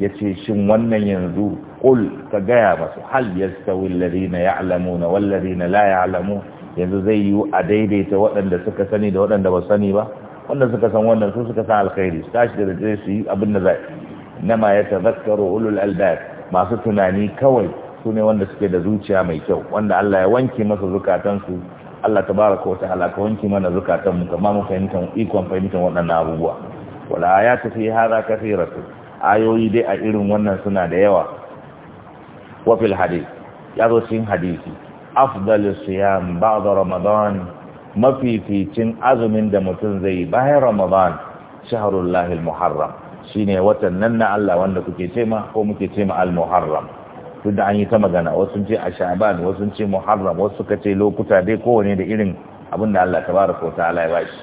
yace shin wannan yanzu qul ka gaya masu hal ya yastawi alladhina ya'lamuna wal na la alamu yanzu zai yi a daidaita waɗanda suka sani da waɗanda ba sani ba wanda suka san wannan su suka san alkhairi su tashi da zai su yi abin da zai ma ya tazakkaru ulul albab masu tunani kawai su ne wanda suke da zuciya mai kyau wanda Allah ya wanke masa zukatansu Allah tabaraka wa ta'ala ka wanke mana zukatan mu kamar mu fahimtar ikon fahimtan waɗannan abubuwa wala ayatu fi hadha kathiratu ayoyi dai a irin wannan suna da yawa wa fil cikin hadisi afdalus siyam ba'da ramadan mafificin azumin da mutum zai yi bayan ramadan shahrullahi al-muharram shine watan nan na Allah wanda kuke ce ko muke ce al-muharram duk da an yi ta magana wasu ce a sha'ban wasu ce muharram wasu suka ce lokuta dai kowane da irin abin da Allah tabaraka wa ta'ala ya shi.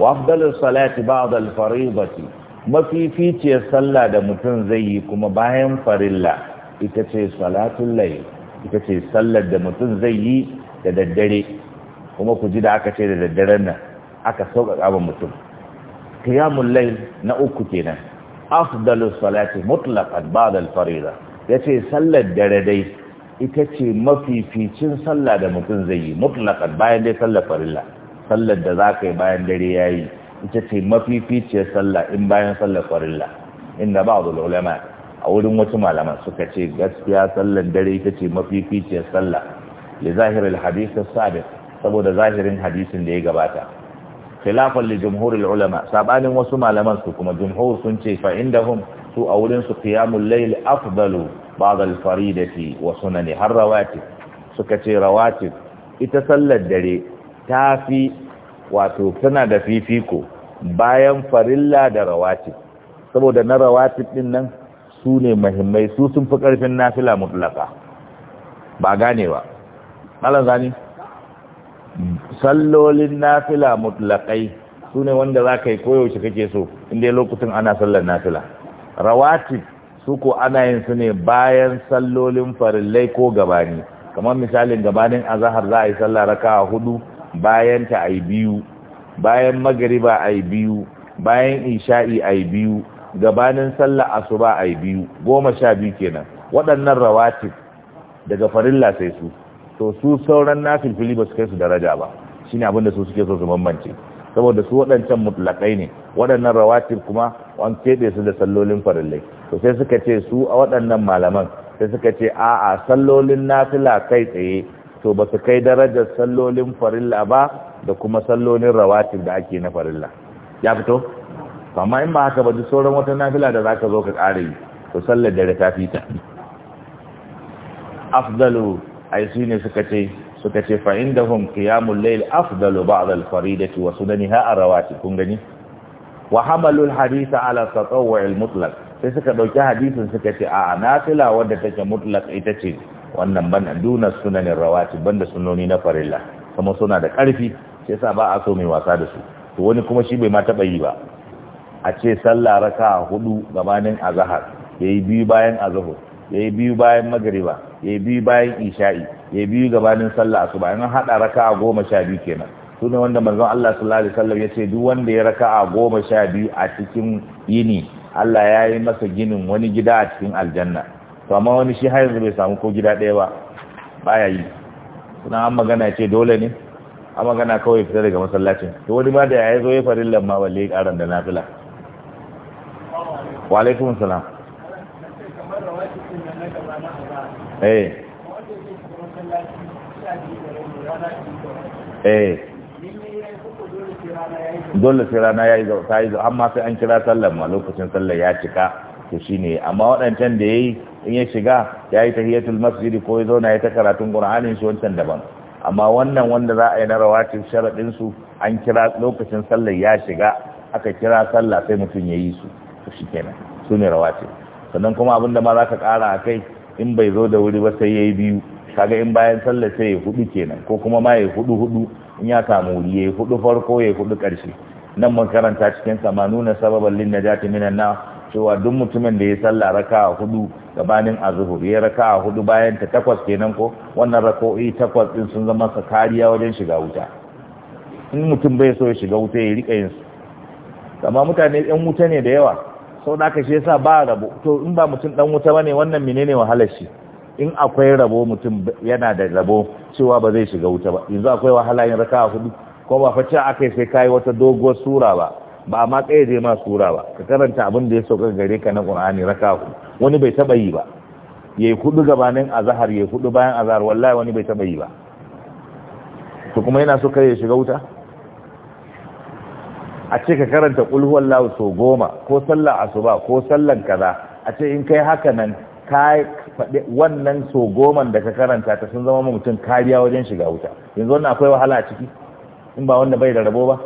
wa afdalus salati ba'da al-fariidati mafificiyar sallah da mutum zai yi kuma bayan farilla ita ce salatun lai ita ce sallar da mutum zai yi da daddare kuma ku ji da aka ce da daddaren nan aka sauƙaƙa wa mutum qiyamul layl na uku kenan afdalu salati mutlaqan ba'da al-fariida yace sallar dare dai ita ce mafificin sallah da mutum zai yi mutlaqan bayan dai sallar farilla sallar da zakai bayan dare yayi ita ce mafificin salla in bayan sallar farilla inda ba'd ulama a wurin wasu malaman suka ce gaskiya sallan dare ita ce mafificiyar sallah li zahiril hadith as-sabiq saboda zahirin hadisin da ya gabata khilafan li jumhuril ulama sabanin wasu malaman su kuma jumhur sun ce fa indahum su a wurin su qiyamul layl afdalu ba'd al-faridati wa sunani har rawatib suka ce rawatib ita sallar dare ta fi wato tana da fifiko bayan farilla da rawati saboda na rawatib din nan su ne mahimmai su sun fi ƙarfin nafila mutlaka ba gane ba malam zani sallolin nafila mutlakai su ne wanda za ka yi koyaushe kake so inda lokacin ana sallar nafila rawatib su ko ana yin su ne bayan sallolin farillai ko gabani kamar misalin gabanin azahar za a yi sallar raka hudu bayan ta a biyu bayan magariba a biyu bayan isha'i a biyu gabanin sallah asuba ai biyu goma sha biyu kenan waɗannan rawatib daga farilla sai su to su sauran nafilfili ba su kai su daraja ba shine abinda su suke so su bambance saboda su waɗancan mutlaƙai ne waɗannan rawatib kuma an keɓe su da sallolin farillai to sai suka ce su a waɗannan malaman sai suka ce a'a sallolin nafila kai tsaye to ba su kai darajar sallolin farilla ba da kuma sallolin rawatib da ake na farilla ya fito amma in ba haka ba duk sauran wata nafila da zaka zo ka kare yi to sallar dare ta fita afdalu ai su ne suka ce suka ce fa indahum qiyamul layl afdalu ba'd al faridati wa sunaniha arawati kun gani wa al haditha ala tatawwu' al mutlaq sai suka dauki hadisin suka ce a nafila wanda take mutlaq ita ce wannan ban duna sunanin rawati banda sunoni na farilla kuma suna da karfi sai sa ba a so mai wasa da su to wani kuma shi bai ma taɓa yi ba a ce sallah raka hudu gabanin azahar Ya yi biyu bayan Ya yi biyu bayan Ya yi biyu bayan isha'i Ya yi biyu gabanin sallah asuba bayan hada raka a goma sha biyu kenan su ne wanda manzon Allah sallallahu alaihi wasallam ya ce duk wanda ya raka a goma sha biyu a cikin yini Allah ya yi masa ginin wani gida a cikin aljanna to amma wani shi har bai samu ko gida ɗaya ba baya yi suna an magana ce dole ne an magana kawai fita daga masallacin to wani ma da ya zo ya farin lamma balle ƙaran da nafila wa alaikum salam eh. eh dole sai rana ya yi ta yi amma sai an kira sallar ma lokacin sallar ya cika to ne, amma waɗancan da ya yi in ya shiga ya yi tahiyatul masjidi ko ya zauna ya ta karatun qur'anin shi wancan daban amma wannan wanda za a yi na rawatin sharaɗinsu su an kira lokacin sallar ya shiga aka kira sallah sai mutum ya yi su to shi kenan su ne ce sannan kuma abin da ma za ka kara a kai in bai zo da wuri ba sai ya yi biyu kaga in bayan sallah sai ya hudu kenan ko kuma ma ya hudu hudu in ya samu wuri ya hudu farko ya hudu ƙarshe nan mun karanta cikin manuna sababan lin najati minan na cewa duk mutumin da ya sallah raka hudu gabanin azhur ya raka hudu bayan ta takwas kenan ko wannan rako'i takwas din sun zama sa kariya wajen shiga wuta in mutum bai so ya shiga wuta ya rika yin su amma mutane yan wuta ne da yawa sau da aka shi yasa ba rabo to in ba mutum dan wuta bane wannan menene wahalar shi in akwai rabo mutum yana da rabo cewa ba zai shiga wuta ba yanzu akwai wahala yin raka hudu ko ba faca aka sai kai wata doguwar sura ba ba ma kai je ma sura ba ka karanta abin da ya sauka gare ka na Qur'ani raka hudu wani bai taba yi ba yayi hudu gabanin azhar yayi hudu bayan azhar wallahi wani bai taba yi ba to kuma yana so kai ya shiga wuta a ce ka karanta kulhuwan lawo so goma ko sallar asuba ko sallar kaza a ce in kai haka nan ka faɗi wannan so goman da ka karanta ta sun zama mutum kariya wajen shiga wuta yanzu wannan akwai wahala a ciki in ba wanda bai da rabo ba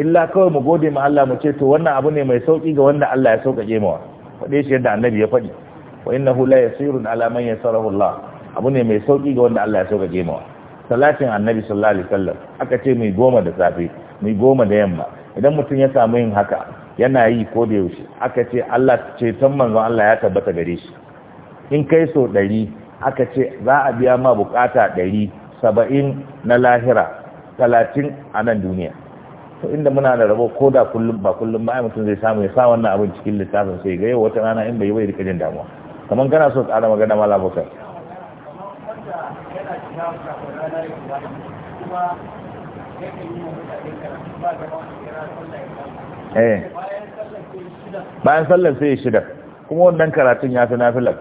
illa kawai mu gode ma Allah mu ce to wannan abu ne mai sauki ga wanda Allah ya sauƙaƙe mawa faɗe shi yadda annabi ya faɗi wa innahu la yasirun ala man yasarahu Allah abu ne mai sauki ga wanda Allah ya sauƙaƙe mawa salatin annabi sallallahu alaihi wasallam aka ce mai goma da safe mai goma da yamma idan mutum ya samu yin haka yana yi ko da yaushe aka ce Allah ceton manzon Allah ya tabbata gare shi in kai so ɗari aka ce za a biya ma bukata ɗari saba'in na lahira talatin a nan duniya to inda muna da rabo ko da kullum ba kullum ba mutum zai samu ya sa wannan abin cikin littafin sai ga yau wata rana in bai bai rika jin damuwa kamar kana so tsara magana mala abokan Eh. bayan sallar sai shida kuma wannan karatun ya fi nafilar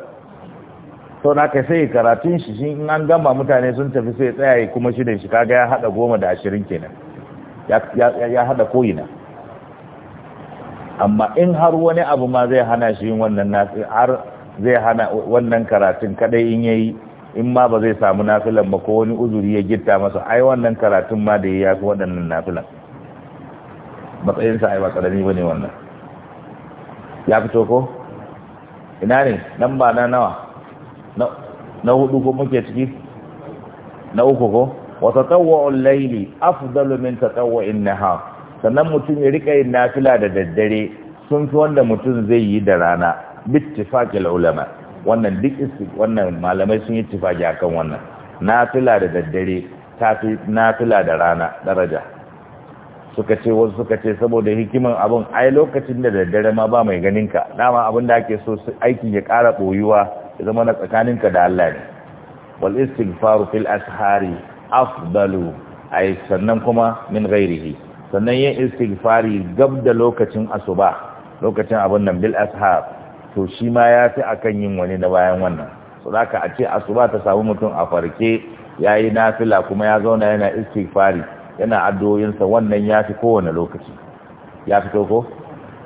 sau na kai sai karatun shi shi an gama mutane sun tafi sai tsayaye kuma shidan shi kaga ya hada goma da ashirin kenan ya hada koyina amma in har wani abu ma zai hana shi yin zai hana wannan karatun kadai in yayi in ma ba zai samu nafilan ba ko wani uzuri ya gitta masa ai wannan karatun ma da ya fi waɗannan nafilan matsayinsa ai ba ƙarami ba ne wannan ya fito ko ina ne nan ba na nawa na hudu ko muke ciki na uku ko wata tawa'un laili afdalu min tatawa'in nahar sannan mutum ya rika yin nafila da daddare sun fi wanda mutum zai yi da rana bittifaqil ulama wannan duk isi wannan malamai sun yi tifaki akan wannan na nafila da daddare ta fi nafila da rana daraja suka ce wasu suka ce saboda hikiman abin ai lokacin da daddare ma ba mai ganin ka dama abin da ake so su aikin ya kara boyuwa ya zama na tsakanin ka da Allah ne wal istighfaru fil ashari afdalu ai sannan kuma min ghairihi sannan yin istighfari gab da lokacin asuba lokacin abun nan bil ashar to shi ma ya fi akan yin wani na bayan wannan so zaka a ce asuba ta samu mutum a farke ya yi nafila kuma ya zauna yana istighfari yana addu'o'insa wannan ya fi kowane lokaci ya fi toko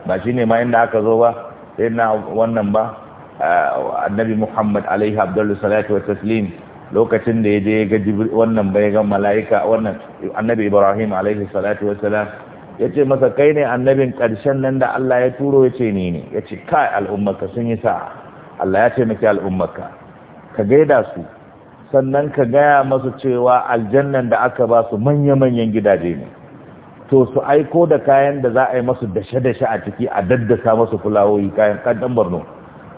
ba shine ma inda aka zo ba sai na wannan ba annabi Muhammad alaihi abdullu salatu wa taslim lokacin da ya je ga wannan bai ga mala'ika wannan annabi Ibrahim alaihi salatu wa salam ya ce masa kai ne annabin ƙarshen nan da Allah ya turo ya ce ni ne ya ce kai al'ummarka sun yi sa'a Allah ya taimaki al'ummarka ka gaida su sannan ka gaya masu cewa aljannan da aka ba su manya-manyan gidaje ne to su aiko da kayan da za a yi masu dashe-dashe a ciki a daddasa masu fulawoyi kayan ƙaddan barno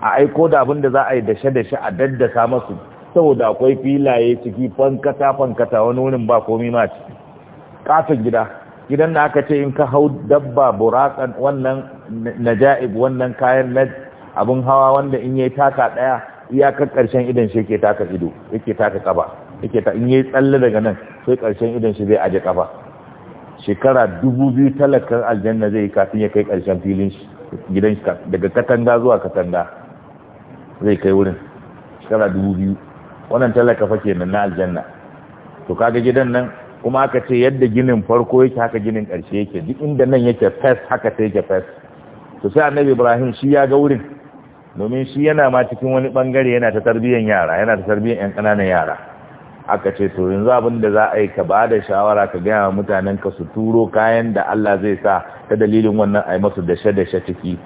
a aiko da abin da za a yi dashe-dashe a daddasa masu saboda akwai filaye ciki fankata-fankata wani wurin ba komi ma ciki kafin gida gidan da aka ce in ka hau dabba burakan wannan naja'ib wannan kayan abin hawa wanda in yayi taka daya iyakar karshen idan shi yake taka ido yake taka kaba yake ta in yayi tsalle daga nan sai karshen idan shi zai aje kaba shekara dubu biyu talakar aljanna zai yi kafin ya kai karshen filin shi gidan shi daga katanga zuwa katanga zai kai wurin shekara dubu biyu wannan talaka fa kenan na aljanna to kaga gidan nan kuma aka ce yadda ginin farko yake haka ginin ƙarshe yake duk inda nan yake fes haka ta yake fes to sai annabi ibrahim shi ya ga wurin domin shi yana ma cikin wani bangare yana ta tarbiyyar yara yana ta tarbiyyar yan ƙananan yara aka ce to yanzu abin da za a yi ka ba da shawara ka gaya wa mutanen ka su turo kayan da Allah zai sa ta dalilin wannan a yi masu dashe dashe ciki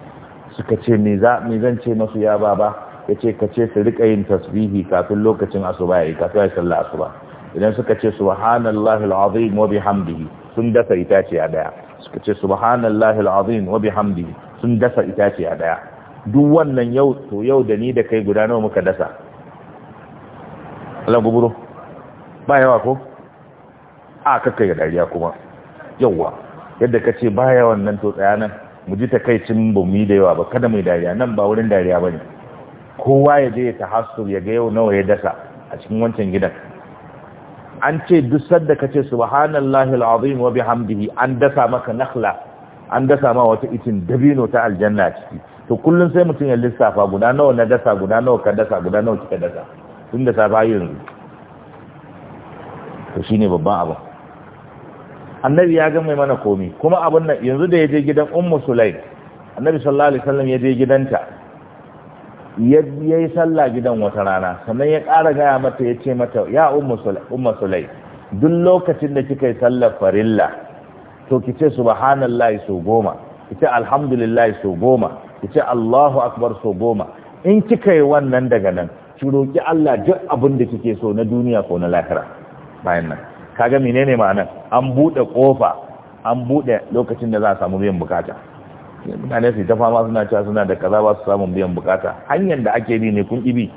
suka ce me za me zan ce masu ya baba ya ce ka ce su rika yin tasbihi kafin lokacin asuba ya yi kafin ya sallah asuba idan suka ce subhanallahi alazim wa bihamdihi sun dasa itace a daya suka ce subhanallahi alazim wa bihamdihi sun dasa itace a daya duk wannan yau to yau da ni da kai guda nawa muka dasa Allah guburo ba yawa ko a kakkai ga dariya kuma yawa yadda ka ce ba yawan nan to tsaya nan mu ji takaicin bumi da yawa ba kada mai dariya nan ba wurin dariya bane kowa ya je ya tahassur ya ga yau nawa ya dasa a cikin wancan gidan an ce duk sadda ce subhanallahi alazim wa bihamdihi an dasa maka nakhla an dasa ma wata itin dabino ta aljanna ciki to kullun sai mutun ya lissafa guda nawa na dasa guda nawa ka dasa guda nawa kika dasa tun da safa yanzu to shine babban abu annabi ya ga mai mana komi kuma abun nan yanzu da yaje gidan ummu sulaim annabi sallallahu alaihi wasallam yaje gidanta ya yi sallah gidan wata rana sannan ya ƙara gaya mata ya ce mata ya umma sulai duk lokacin da kika yi sallar farilla to ki ce subhanallah so goma ki ce alhamdulillah so goma ki ce allahu akbar so goma in kika yi wannan daga nan ki roƙi Allah duk abin da kike so na duniya ko na lahira bayan nan kaga menene ma'anar an buɗe kofa an buɗe lokacin da za a samu biyan bukata mutane su ta fama suna cewa suna da kaza ba su samun biyan bukata hanyar da ake bi ne kun ibi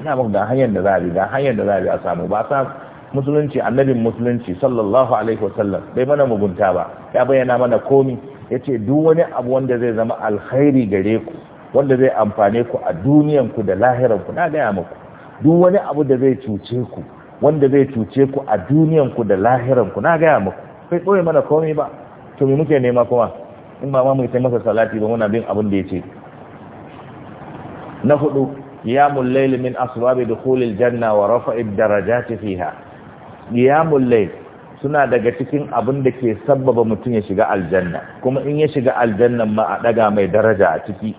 ina maka da hanyar da za a bi da hanyar da za a bi a samu ba sa musulunci annabin musulunci sallallahu alaihi wasallam bai mana mugunta ba ya bayyana mana komi ce duk wani abu wanda zai zama alkhairi gare ku wanda zai amfane ku a duniyan ku da lahiran ku na gaya muku duk wani abu da zai cuce ku wanda zai cuce ku a duniyan ku da lahiran ku na gaya muku kai koyi mana komi ba to me muke nema kuma in ba ma mu sai masa salati ba muna bin abin da ce. na hudu qiyamul layl min asbab dukhul janna wa rafa'id darajati fiha qiyamul layl suna daga cikin abin da ke sabbaba mutum ya shiga aljanna kuma in ya shiga aljanna ma a daga mai daraja a ciki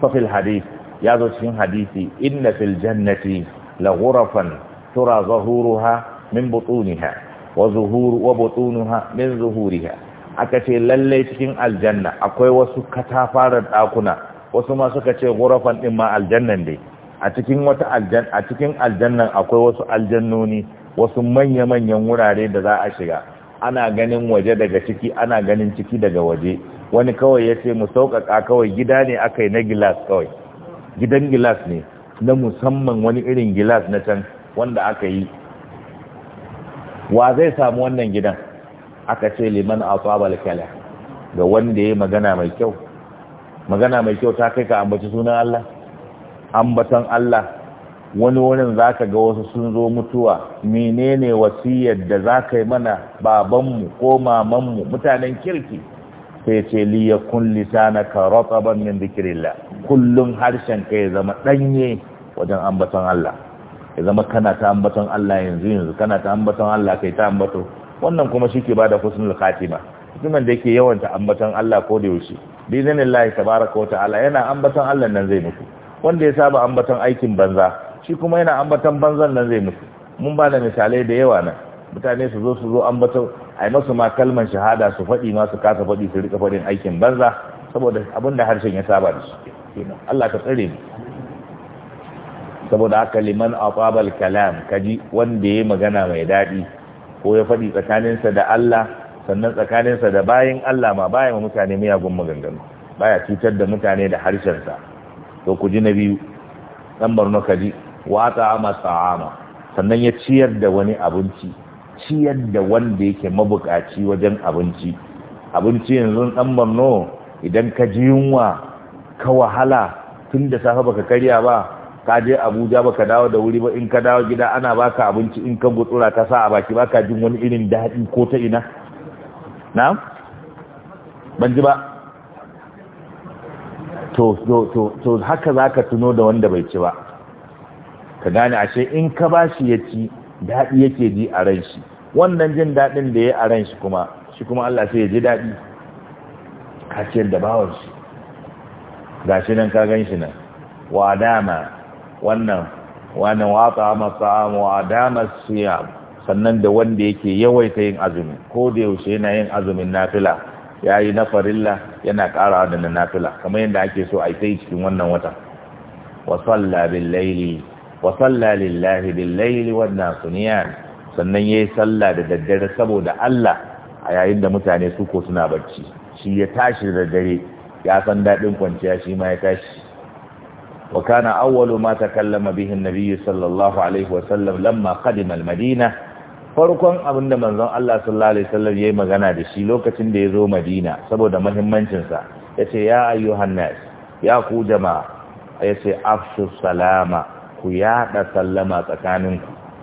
fa fil hadith ya zo cikin hadisi inna fil jannati la ghurafan tura zahuruha min butuniha wa zuhuru wa butunuha min zuhuriha aka ce lallai cikin aljanna akwai wasu katafarar ɗakuna wasu ma suka ce gurafan ɗin ma aljannan dai a cikin wata aljan a cikin aljannan akwai wasu aljannoni wasu manya-manyan wurare da za a shiga ana ganin waje daga ciki ana ganin ciki daga waje wani kawai ya ce mu sauƙaƙa kawai gida ne aka yi na gilas kawai gidan gilas ne na musamman wani irin gilas na can wanda aka yi wa zai samu wannan gidan aka ce liman asabal kalam ga wanda yayi magana mai kyau magana mai kyau ta kai ka ambaci sunan Allah Ambatan Allah wani wurin zaka ga wasu sun zo mutuwa menene wasiyar da zaka yi mana babanmu ko mamanmu mutanen kirki sai ce li yakun lisanaka rataban min dhikrillah kullun harshen kai ya zama danye wajen ambaton Allah ya zama kana ta ambaton Allah yanzu yanzu kana ta ambaton Allah kai ta ambato wannan kuma shi ke ba da husnul khatima mutumin da yake yawan ta'ambatan Allah ko da yaushe bi ta tabaraka wa ta'ala yana ambatan Allah nan zai mutu wanda ya saba ambatan aikin banza shi kuma yana ambatan banzan nan zai mutu mun ba da misalai da yawa nan mutane su zo su zo ai masu ma kalman shahada su faɗi ma su kasa faɗi su rika faɗin aikin banza saboda abin harshen ya saba da shi Allah ka tsare mu saboda haka liman aqabal kalam kaji wanda yayi magana mai daɗi. ko ya faɗi tsakaninsa da Allah sannan tsakaninsa da bayan Allah ma bayan ma mutane miyagun maganganu baya cutar da mutane da harshensa to ku ji na biyu dan barno kaji wa ama ta'ama sannan ya ciyar da wani abinci ciyar da wanda yake mabukaci wajen abinci abinci yanzu dan barno idan ka ji yunwa ka wahala tun da safe baka karya ba ka je abuja baka dawo da wuri ba in ka dawo gida ana baka abinci in ka gutsura ta sa a baki baka jin wani irin daɗi ko ta ina na ban ji ba to to to to haka zaka tuno da wanda bai ci ba ka gane ashe in ka bashi ya ci daɗi yake ji a ran shi wannan jin daɗin da ya a ran shi kuma shi kuma Allah sai ya ji daɗi ka ciyar da bawon shi gashi nan ka gan shi nan wa dama wannan wani wata masa a dama siya sannan da wanda yake yawaita yin azumi ko da yaushe yana yin azumin nafila ya yi na farilla yana ƙara da na nafila kamar yadda ake so a yi cikin wannan wata wasalla billaili wasalla lillahi wannan suniyan sannan ya yi salla da daddare saboda Allah a yayin da mutane su suna barci shi ya tashi da daddare ya san daɗin kwanciya shi ma ya tashi وكان أول ما تكلم به النبي صلى الله عليه وسلم لما قدم المدينة farkon abinda manzon Allah sallallahu alaihi wasallam yayi magana da shi lokacin da ya zo Madina saboda muhimmancin sa yace ya ayyuhan ya ku jama'a yace afsu salama ku yada sallama tsakanin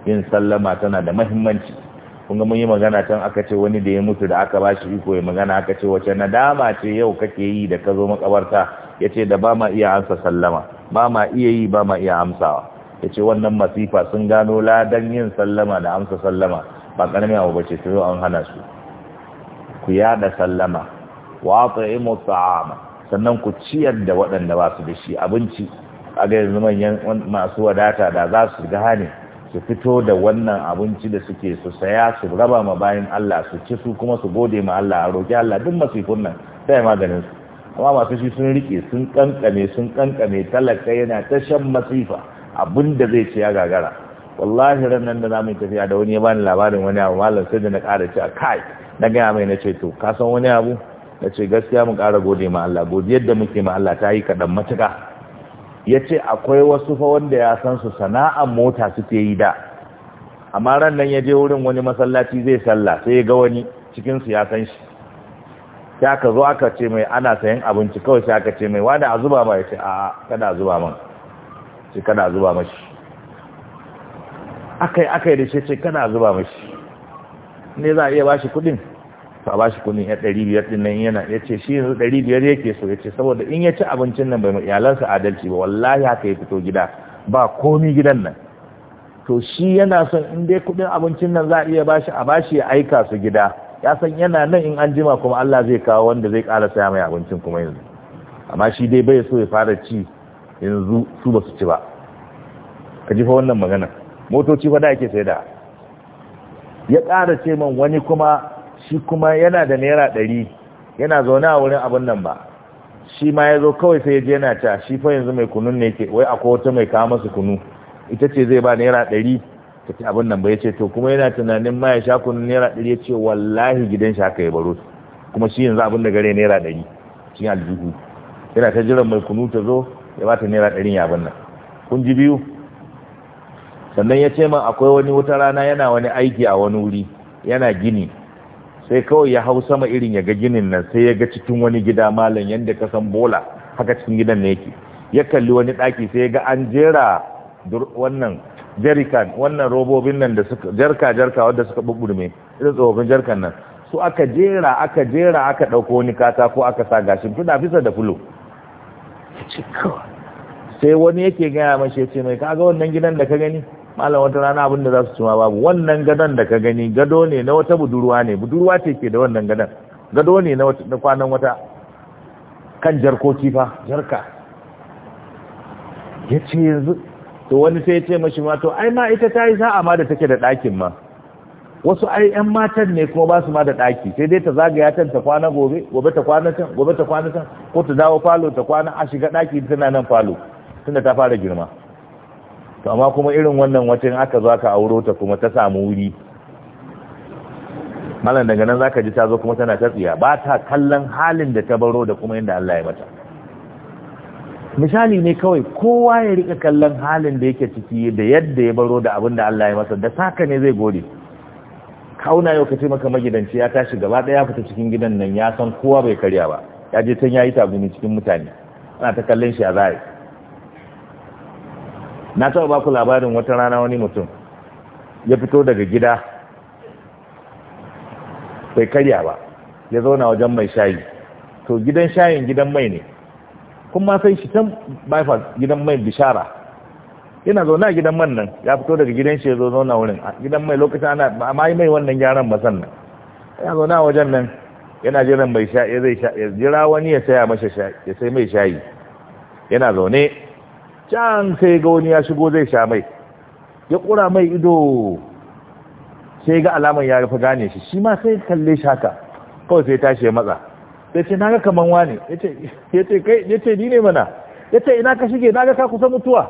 yin sallama tana da muhimmanci kun ga mun yi magana can aka ce wani da ya mutu da aka bashi iko ya magana aka ce wace nadama ce yau kake yi da ka zo makabarta yace da ba ma iya ansa sallama ba ma iya yi ba ma iya amsawa ya ce wannan masifa sun gano ladan yin sallama da amsa sallama ba ƙarami abu bace su an hana su ku yada sallama wa ta'imu ta'ama sannan ku ciyar da waɗanda ba su da shi abinci a ga yanzu manyan masu wadata da za su gane su fito da wannan abinci da suke su saya su raba ma bayan Allah su ci su kuma su gode ma Allah a roƙi Allah duk masifun nan sai maganin su amma masu shi sun rike sun kankame sun kankame talaka yana ta shan masifa abin da zai ce ya gagara wallahi ran nan da za mu yi tafiya da wani ya bani labarin wani abu malam sai da na ƙara cewa kai na gaya mai na ce to ka wani abu na ce gaskiya mu kara gode ma Allah godiyar da muke ma Allah ta yi kaɗan matuka. ya ce akwai wasu fa wanda ya san su sana'an mota suke yi da amma ran nan ya je wurin wani masallaci zai sallah sai ya ga wani cikinsu ya san shi sai aka zo aka ce mai ana sayan abinci kawai sai aka ce mai wani a zuba ba ya ce a kada zuba man ce kada zuba mashi akai akai da shi ce kada zuba mashi ne za a iya bashi kudin a bashi kudin ya ɗari biyar ɗin nan yana ya ce shi yanzu ɗari biyar yake so ya ce saboda in ya ci abincin nan bai mai iyalansa adalci ba wallahi haka ya fito gida ba komi gidan nan to shi yana son in dai kudin abincin nan za a iya bashi a bashi ya aika su gida ya san yana nan in an jima kuma Allah zai kawo wanda zai kara saya mai abincin kuma yanzu amma shi dai bai so ya fara ci yanzu su ba su ci ba ka ji fa wannan magana motoci fa da ake sai da ya ƙara ce man wani kuma shi kuma yana da naira ɗari yana zaune a wurin abin nan ba shi ma ya zo kawai sai ya je yana ta shi fa yanzu mai kunun ne ke wai akwai wata mai kawo masa kunu ita ce zai ba naira ɗari tafi abin nan bai ce to kuma yana tunanin ma ya sha naira ɗari ya ce wallahi gidan shi haka ya baro su kuma shi yanzu abin da gare naira ɗari cikin aljihu yana ta jiran mai kunu ta zo ya bata naira ɗari ya abin nan kun ji biyu sannan ya ce ma akwai wani wata rana yana wani aiki a wani wuri yana gini sai kawai ya hau sama irin ya ga ginin nan sai ya ga cikin wani gida malam yadda ka san bola haka cikin gidan ne yake ya kalli wani ɗaki sai ya ga an jera wannan jerikan wannan robobin nan da suka jarka jarka wadda suka bubburme ita tsofaffin jarkan nan su aka jera aka jera aka dauko wani katako aka sa gashin fida bisa da fulo sai wani yake gaya mashi ya ce mai kaga wannan gidan da ka gani malam wata rana abin da za su cima babu wannan gadon da ka gani gado ne na wata budurwa ne budurwa ce ke da wannan gadon gado ne na wata kwanan wata kan jarkoki fa jarka ya ce yanzu to wani sai ya ce mashi ma to ai ma ita ta yi sa'a ma da take da ɗakin ma wasu ai yan matan ne kuma ba su ma da ɗaki sai dai ta zagaya can ta kwana gobe gobe ta kwana can gobe ta kwana can ko ta dawo falo ta kwana a shiga ɗaki tana nan falo tunda ta fara girma to amma kuma irin wannan wata in aka zo aka auro ta kuma ta samu wuri malam daga nan zaka ji ta zo kuma tana ta tsiya ba ta kallon halin da ta baro da kuma inda Allah ya mata misali ne kawai kowa ya rika kallon halin da yake ciki da yadda ya baro da abin da Allah ya masa da saka ne zai gode kauna yau ka ce maka magidanci ya tashi gaba ɗaya fita cikin gidan nan ya san kowa bai karya ba ya je can yayi yi tabuni cikin mutane ana ta kallon shi a zai na taɓa ba ku labarin wata rana wani mutum ya fito daga gida bai karya ba ya zauna wajen mai shayi to gidan shayin gidan mai ne kun ma san shi can bypass gidan mai bishara yana zaune a gidan man nan ya fito daga gidan shi ya zo zauna wurin gidan mai lokacin ana ba ma yi mai wannan gyaran ba sannan ya zaune a wajen nan yana jiran mai sha ya zai sha ya jira wani ya saya masa sha ya sai mai shayi yana zaune can sai ga wani ya shigo zai sha mai ya kura mai ido sai ga alaman ya rufe gane shi shi ma sai kalle shaka kawai sai tashi ya matsa sai ce ga kaman wane yace ce ni ne mana yace ina ka shige ga ka kusa mutuwa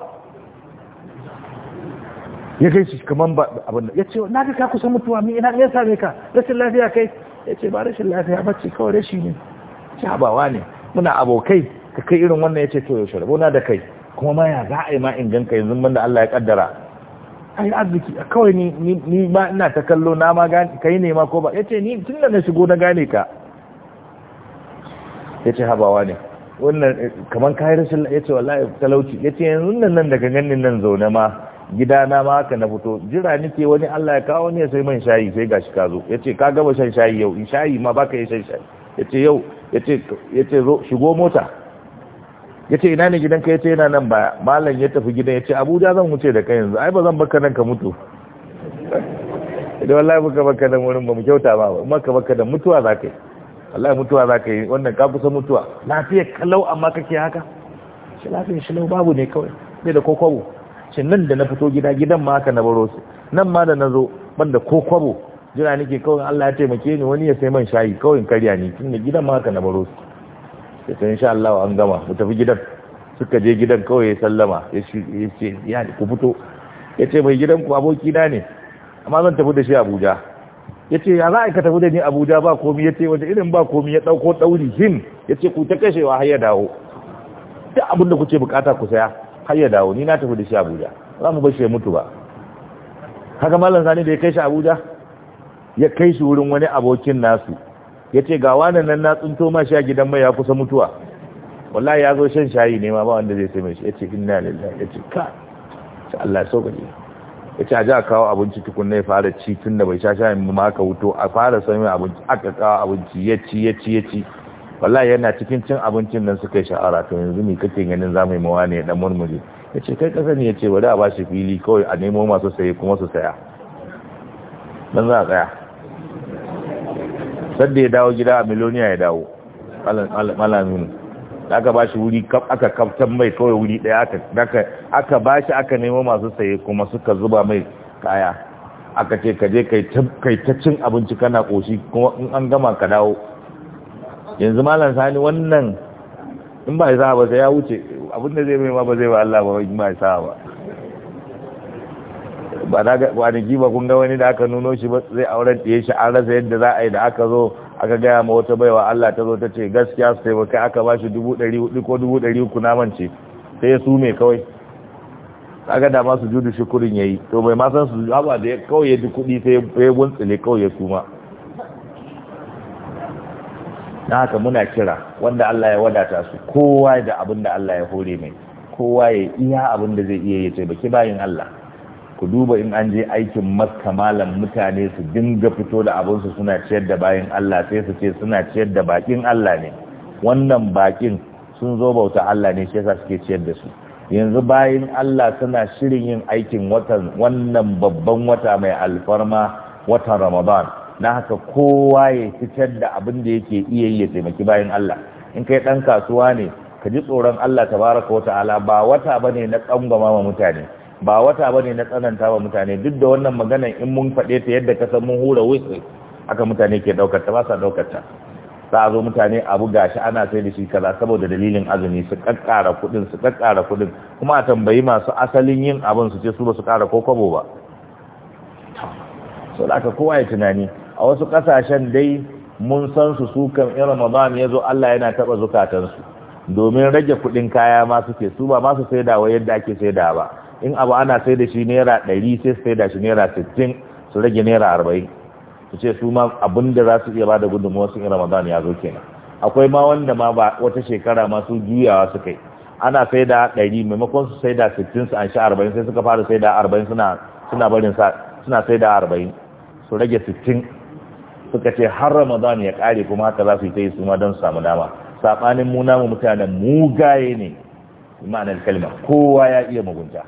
ya kai shi kaman ba abin da yace ga ka kusa mutuwa mi ina ya same ka rashin lafiya kai yace ba rashin lafiya ba ce kawai rashi ne ya ba ne muna abokai ka kai irin wannan yace to yaushe na da kai kuma ma ya za a yi ma in ganka yanzu ban da Allah ya kaddara ai arziki kawai ni ma ina ta kallo na ma gani kai ne ma ko ba yace ni tun da na shigo na gane ka ya ce habawa ne wannan eh, kamar kayan rashin ya ce wallahi talauci ya ce yanzu nan nan daga ganin nan zaune ma gidana ma haka na fito jira nake wani Allah ya kawo ne sai man shayi sai gashi ka zo ya ce ka gaba shan shayi yau in shayi ma baka yi shan shayi ya ce yau ya ce zo shigo mota ya ce ina ne ka ya ce yana nan baya malam ya tafi gidan ya ce abuja zan wuce da kai yanzu ai ba zan baka nan ka mutu idan wallahi muka baka nan wurin ba mu kyauta ba maka baka nan mutuwa za ka yi ya mutuwa za ka yi wannan ka kusa mutuwa lafiyar kalau amma kake haka shi lafiyar shi lau babu ne kawai bai da kokwabo shi nan da na fito gida gidan ma haka na baro su nan ma da na zo ban da kokwabo jira nake kawai Allah ya taimake ni wani ya sai man shayi kawai in karya ni tun da gidan ma haka na baro su sai insha Allah an gama mu tafi gidan suka je gidan kawai ya sallama ya ce ya ku fito ya ce mai gidan ku aboki na ne amma zan tafi da shi Abuja ya ce ya za a tafi da ni abuja ba komi ya ce wata irin ba komi ya ɗauko ɗauri hin ya ce ku ta kashewa har ya dawo duk abin da kuke bukata ku saya har ya dawo ni na tafi da shi abuja za mu bar shi ya mutu ba haka mallan sani da ya kai shi abuja ya kai shi wurin wani abokin nasu ya ce ga wani nan na tsinto ma shi a gidan mai ya kusa mutuwa wallahi ya zo shan shayi ne ma ba wanda zai sai mai shi ya ce inna lillahi ya ce ka Allah sauƙaƙe ya ce a a kawo abinci tukun ya fara ci tun da bai sha yi mu maka wuto a fara sami abinci aka kawo abinci ya ci ya ci ya ci wallahi yana cikin cin abincin nan suka yi sha'ara to yanzu mai kake ganin za mu yi mawa ne dan murmuri ya ce kai kasa ne ya ce bari a ba shi fili kawai a nemo masu saye kuma su saya dan za a tsaya sadda ya dawo gida a miloniya ya dawo malaminu da aka bashi wuri aka kaftan mai kawai wuri daya aka aka aka bashi aka nemo masu saye kuma suka zuba mai kaya aka ce ka je kai ta cin abinci kana koshi kuma in an gama ka dawo yanzu malam sani wannan in ba ya ba sai ya wuce abinda zai mai ma ba zai ba Allah ba in ba ya ba ba na ga kwanaki ba kun ga wani da aka nuno shi ba zai auren ɗiye shi an rasa yadda za a yi da aka zo aka gaya ma wata baiwa Allah ta zo ta ce gaskiya su taimaka aka bashi dubu ɗari hudu ko dubu ɗari uku ce sai ya sume kawai aka da masu judu shukurin ya yi to bai ma san su haba da kawai ya ji kuɗi sai ya buntsile kawai ya suma na haka muna kira wanda Allah ya wadata su kowa da abin da Allah ya hore mai kowa ya iya abin da zai iya ya taimaki bayin Allah ku duba in an je aikin makka malam mutane su dinga fito da abinsu suna ciyar da bayan Allah sai su ce suna ciyar da bakin Allah ne wannan bakin sun zo bauta Allah ne shi yasa suke ciyar da su yanzu bayan Allah suna shirin yin aikin watan wannan babban wata mai alfarma watan Ramadan na haka kowa ya fitar da abin da yake iya yi ya taimaki bayan Allah in kai dan kasuwa ne ka ji tsoron Allah tabaraka wa ta'ala ba wata bane na kangama mutane ba wata bane na tsananta wa mutane duk da wannan magana in mun faɗe ta yadda ka san mun hura wuce aka mutane ke daukar ta ba sa daukar ta za a zo mutane abu gashi ana sai da shi kaza saboda dalilin azumi su kakkara kuɗin su kakkara kuɗin kuma a tambayi masu asalin yin abin su ce su ba su kara ko kwabo ba so da aka kowa ya tunani a wasu kasashen dai mun san su su kan in ramadan ya zo Allah yana taba zukatansu domin rage kuɗin kaya ma suke su ba ma su saida wa yadda ake saida ba in abu ana sai da shi naira ɗari sai sai da shi naira sittin su rage naira arba'in su ce su ma abin da za su iya ba da gudunmuwa sun ramadan ya zo kenan akwai ma wanda ma ba wata shekara ma su juyawa suka yi ana sai da ɗari maimakon su sai da sittin su an sha arba'in sai suka fara sai da arba'in suna suna barin sa suna sai da arba'in su rage sittin suka ce har ramadan ya ƙare kuma haka za su yi ta yi su ma don su samu dama saɓanin mu namu mutanen mugaye ne ma'anar kalmar kowa ya iya mugunta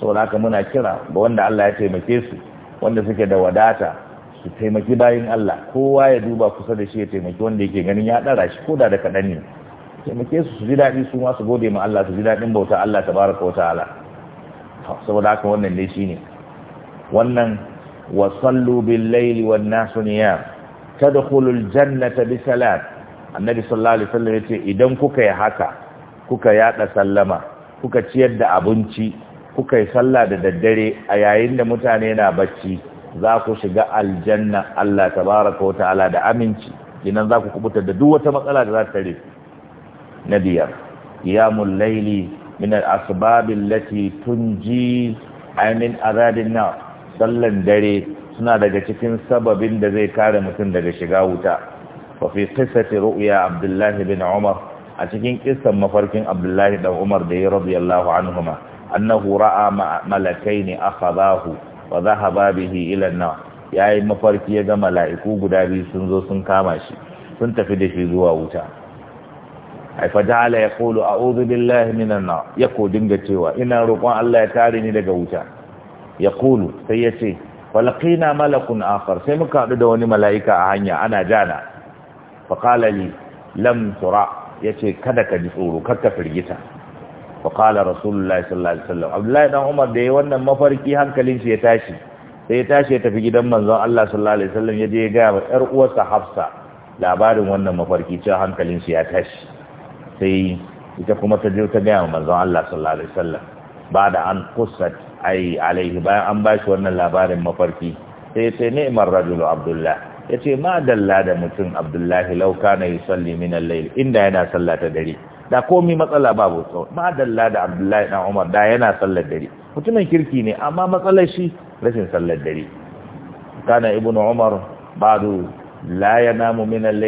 saboda haka muna kira ga wanda Allah ya taimake su wanda suke da wadata su taimaki bayan Allah kowa ya duba kusa da shi ya taimaki wanda yake ganin ya dara shi koda da kaɗan ne taimake su su ji daɗi su ma su gode ma Allah su ji daɗin bauta Allah tabaraka wa ta'ala saboda haka wannan ne shine wannan wa sallu bil laili wan nasu niyam tadkhulul jannata bi salat annabi sallallahu alaihi wasallam yace idan kuka yi haka kuka yada sallama kuka ciyar da abinci kuka yi sallah da daddare a yayin da mutane na bacci za ku shiga aljanna Allah tabaraka wa ta'ala da aminci kinan za ku kubuta da duk wata matsala da za ta tare na biyar qiyamul laili min al-asbab allati tunji amin azabin nar sallan dare suna daga cikin sababin da zai kare mutum daga shiga wuta wa fi qissati ru'ya Abdullahi bin Umar a cikin kissan mafarkin Abdullahi dan Umar da ya radiyallahu anhuma annahu ra'a malakaini akhadahu wa dhahaba bihi ila yayi mafarki ya ga mala'iku guda biyu sun zo sun kama shi sun tafi da shi zuwa wuta ai fadala yaqulu a'udhu billahi minan nar ko dinga cewa ina roƙon Allah ya kare ni daga wuta yaqulu sai yace walaqina malakun akhar sai muka haɗu da wani mala'ika a hanya ana jana faqala li lam tura yace kada ka ji tsoro kar ka firgita fa qala rasulullahi sallallahu alaihi wasallam abdullahi dan umar da yayi wannan mafarki hankalin shi ya tashi sai ya tashi ya tafi gidan manzon Allah sallallahu alaihi wasallam ya je ya ga wa ƴar uwarsa Hafsa labarin wannan mafarki cewa hankalin shi ya tashi sai ita kuma ta je ta ga manzon Allah sallallahu alaihi wasallam ba da an kusat ai alaihi bayan an bashi wannan labarin mafarki sai sai ni'mar rajulu abdullah ya ce ma dalla da mutum abdullahi lauka na yi salli minan lail inda yana sallah ta dare da komi matsala babu tsawon madalla da abdullahi dan umar da yana sallar dare mutumin kirki ne amma matsalar shi rashin sallar dare kana ibnu umar ba'du la yanamu min al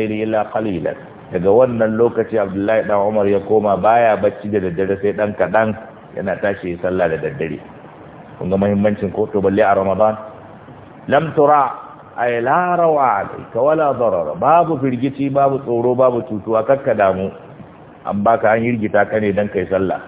daga wannan lokaci abdullahi dan umar ya koma baya bacci da daddare sai dan kadan yana tashi sallah da daddare kun ga mahimmancin ko to balle a ramadan lam tura ay la rawa Ka wala darara babu firgici babu tsoro babu tutuwa kakka damu an baka an yirgita ka ne don kai sallah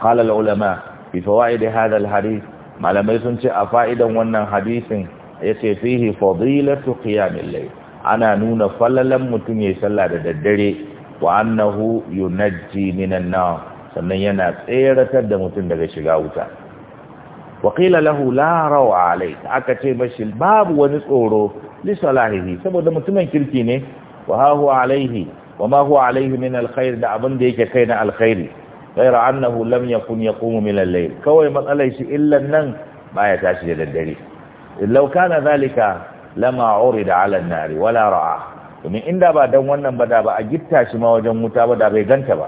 qala al ulama fi fawaid hadha al hadith malamai sun ce a fa'idan wannan hadisin yace fihi fadilatu qiyam al layl ana nuna fallalan mutum ya sallah da daddare wa annahu yunajji minan nar sannan yana tseratar da mutum daga shiga wuta waƙila lahu larawa alai aka ce mashi babu wani tsoro lissalahihi saboda mutumin kirki ne wa hahu alaihi wa ma huwa alayhi min da abin da yake kai na alkhairi Sai annahu lamya kun ya min al kawai matsalai shi illa nan ba ya tashi da daddare law kana zalika lama urida ala an-nar wala ra'a to min inda ba dan wannan ba da ba a gitta shi ma wajen wuta ba da bai ganta ba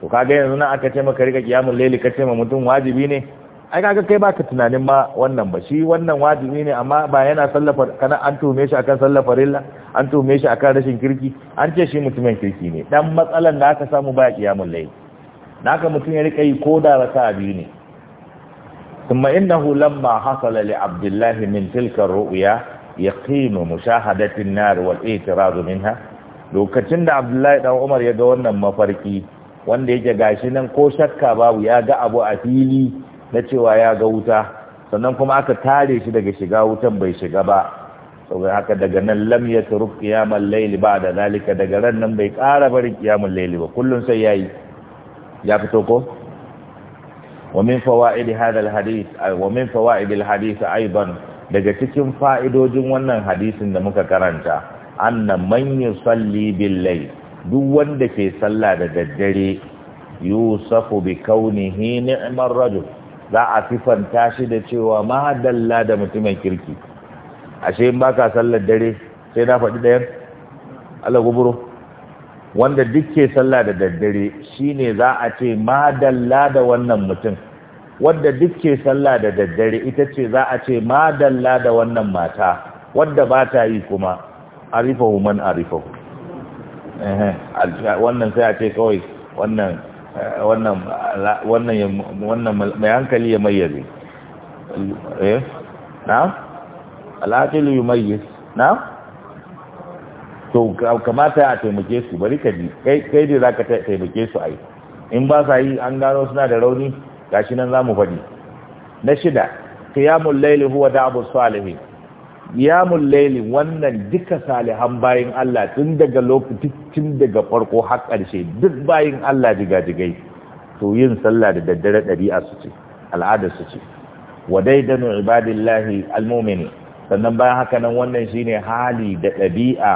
to kaga yanzu nan aka ce maka riga kiyamul laili kace ma mutum wajibi ne ai kaga kai baka tunanin ma wannan ba shi wannan wajibi ne amma ba yana sallafa kana an tume shi akan sallafa rilla an tume shi akan rashin kirki an ce shi mutumin kirki ne dan matsalan da aka samu ba kiyamul layl naka mutum ya rika yi ko da rasa biyu ne hasala li abdullah min tilka ru'ya yaqimu mushahadati an-nar wal والاعتراض minha lokacin da Abdullahi dan Umar ya ga wannan mafarki wanda yake gashi nan ko shakka babu ya ga abu a fili na cewa ya ga wuta sannan kuma aka tare shi daga shiga wutan bai shiga ba saboda haka daga nan lam ya turu qiyamul layli ba da zalika daga ran nan bai ƙara barin qiyamul layli ba kullum sai yayi ya fito ko wa min fawaid hadha al hadith daga cikin fa'idojin wannan hadisin da muka karanta anna man yusalli bil layl duk wanda ke sallah da daddare yusafu bi kaunihi ni'mar rajul za a sifanta shi da cewa mahadalla da mutumin kirki ashe in baka sallar dare sai na faɗi ɗayan ala guburo wanda duk ke sallah da daddare shine za a ce madalla da wannan mutum wadda duk ke sallah da daddare ita ce za a ce madalla da wannan mata wadda ba ta yi kuma arifahu man arifahu wannan sai a ce kawai wannan wannan mai hankali ya mayyaze eh na al'aqilu yumayyiz na to kamata a taimake su bari ka ji kai dai za ka taimake su ai in ba sa yi an gano suna da rauni gashi nan mu faɗi na shida qiyamul layli huwa su salihin qiyamul layli wannan duka salihan bayin Allah tun daga lokaci tun daga farko har ƙarshe duk bayin Allah jigajigai to yin sallah da daddare ɗabi'a su ce al'ada su ce wa daidanu ibadillahi almu'mini sannan bayan haka nan wannan shine hali da ɗabi'a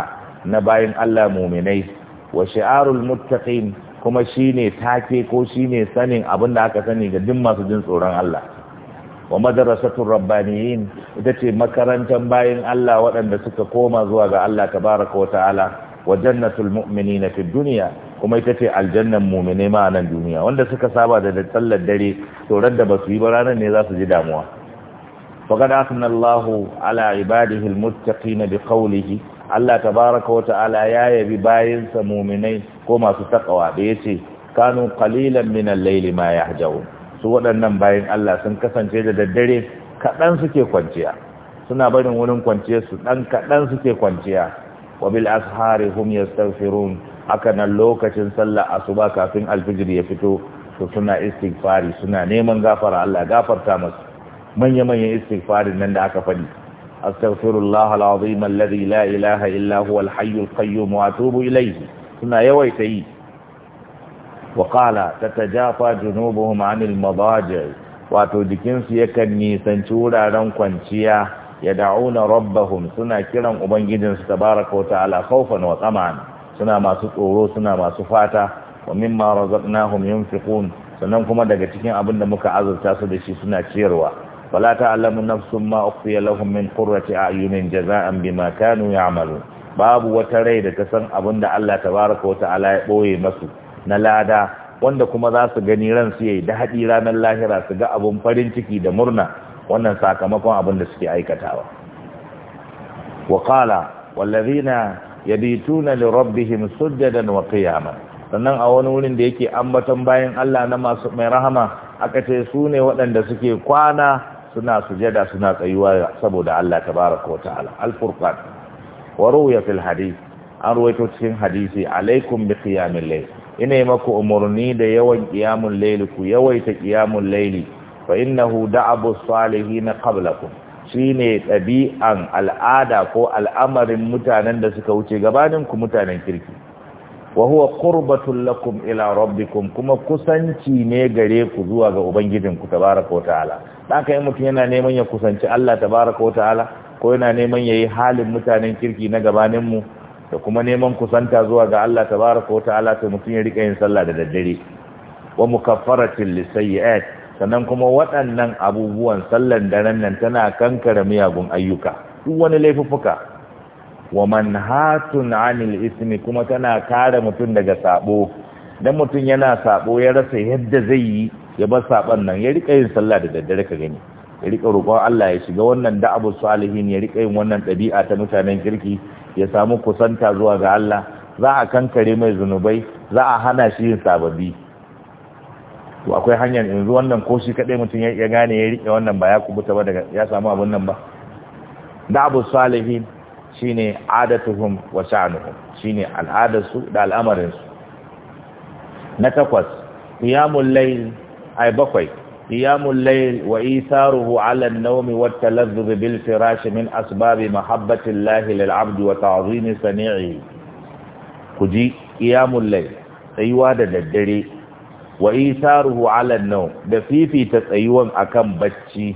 na bayin Allah mu'minai wa shi'arul muttaqin kuma shine take ko shine sanin abin da aka sani ga duk masu jin tsoron Allah wa madrasatul rabbaniyin ita ce makarantar bayin Allah waɗanda suka koma zuwa ga Allah tabaraka wa ta'ala wa jannatul mu'minina fid dunya kuma ita ce aljannan muminai ma nan duniya wanda suka saba da sallar dare to da ba su yi ba ranar ne za su ji damuwa faqad asna Allahu ala ibadihi almuttaqina biqawlihi Allah tabaraka wa ta'ala ya yabi sa mu'minai ko masu takawa da yace kanu qalilan min al-layli ma yahjaun su waɗannan bayan Allah sun kasance da daddare kaɗan suke kwanciya suna barin wurin kwanciya su ɗan kaɗan suke kwanciya wa bil ashari hum yastaghfirun nan lokacin sallah asuba kafin alfijir ya fito to suna istighfari suna neman gafara Allah gafarta musu manya manyan istighfarin nan da aka faɗi astaghfirullah alazim alladhi la ilaha illa huwa alhayyul qayyum wa atubu ilayhi suna yawaita yi وقال تتجافى جنوبهم عن المضاجع wato jikinsu yakan nisanci wuraren kwanciya ya da'una rabbahum suna kiran ubangijinsu tabaraka wa ta'ala khawfan wa tsaman suna masu tsoro suna masu fata wa mimma razaqnahum yunfiqun sannan kuma daga cikin abin da muka azurta su da shi suna ciyarwa wala ta'lamu nafsun ma ukhfiya lahum min qurrati a'yunin jaza'an bima kanu ya'malun babu wata rai da ta san abin da Allah tabaraka wa ta'ala ya boye masu na lada wanda kuma za su gani ran siyai da haɗi ranar lahira su ga abun farin ciki da murna wannan sakamakon abin da suke aikatawa wa qala wallazina yabituna li rabbihim sujadan wa qiyama sannan a wani wurin da yake ambaton bayan Allah na masu mai rahama aka ce su ne waɗanda suke kwana suna sujada suna tsayuwa saboda Allah tabaraka wa ta'ala al-furqan wa ruwiya fil hadith an ruwaito cikin hadisi alaikum bi qiyamil layl ina yi maku umarni da yawan ƙiyamun laili ku yawaita laili, laili fa innahu da'abu salihin qablakum shine ɗabi'an al'ada ko al'amarin mutanen da suka wuce gabanin ku mutanen kirki wa huwa qurbatul lakum ila rabbikum kuma kusanci ne gare ku zuwa ga ubangijinku tabaaraka wa ta'ala dan kai mutum yana neman ya kusanci Allah tabaaraka wa ta'ala ko yana neman yayi halin mutanen kirki na gabanin mu da kuma neman kusanta zuwa ga Allah tabaraka wa ta'ala sai mutum ya rika yin sallah da daddare wa mukaffaratin lisayyi'at sannan kuma waɗannan abubuwan sallan daren nan tana kankare miyagun ayyuka duk wani laifuffuka wa manhatun anil ismi kuma tana kare mutum daga sabo dan mutum yana sabo ya rasa yadda zai yi ya bar saban nan ya rika yin sallah da daddare ka gani ya rika roƙon Allah ya shiga wannan da'abu salihin ya rika yin wannan ɗabi'a ta mutanen kirki ya samu kusanta zuwa ga Allah za a kankare mai zunubai za a hana shi yin sababi to akwai hanyar yanzu wannan ko shi kadai mutum ya gane ya rike wannan ba ya kubuta ba daga ya samu abun nan ba da abu salihin shine adatuhum wa sha'nuhum shine al'adarsu da su. na takwas qiyamul layl ay bakwai قيام الليل وإيثاره على النوم والتلذذ بالفراش من أسباب محبة الله للعبد وتعظيم صنيعه كجي قيام الليل أيوة ددري وإيثاره على النوم دفيفي تسأيوان أكم بچي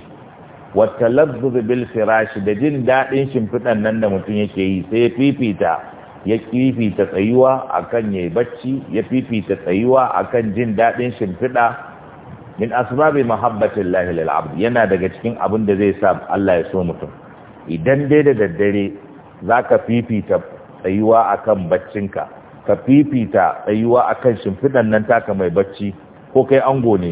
والتلذذ بالفراش دجن دائن شمفتنا نند متنيكي سيفيفي تا ya fifita tsayuwa akan yayi bacci ya fifita tsayuwa akan jin dadin shimfiɗa min asbabi mahabbatin lahi lil abd yana daga cikin abin da zai sa Allah ya so mutum idan dai da daddare zaka fifita tsayuwa akan baccinka ka fifita tsayuwa akan shimfidan nan taka mai bacci ko kai ango ne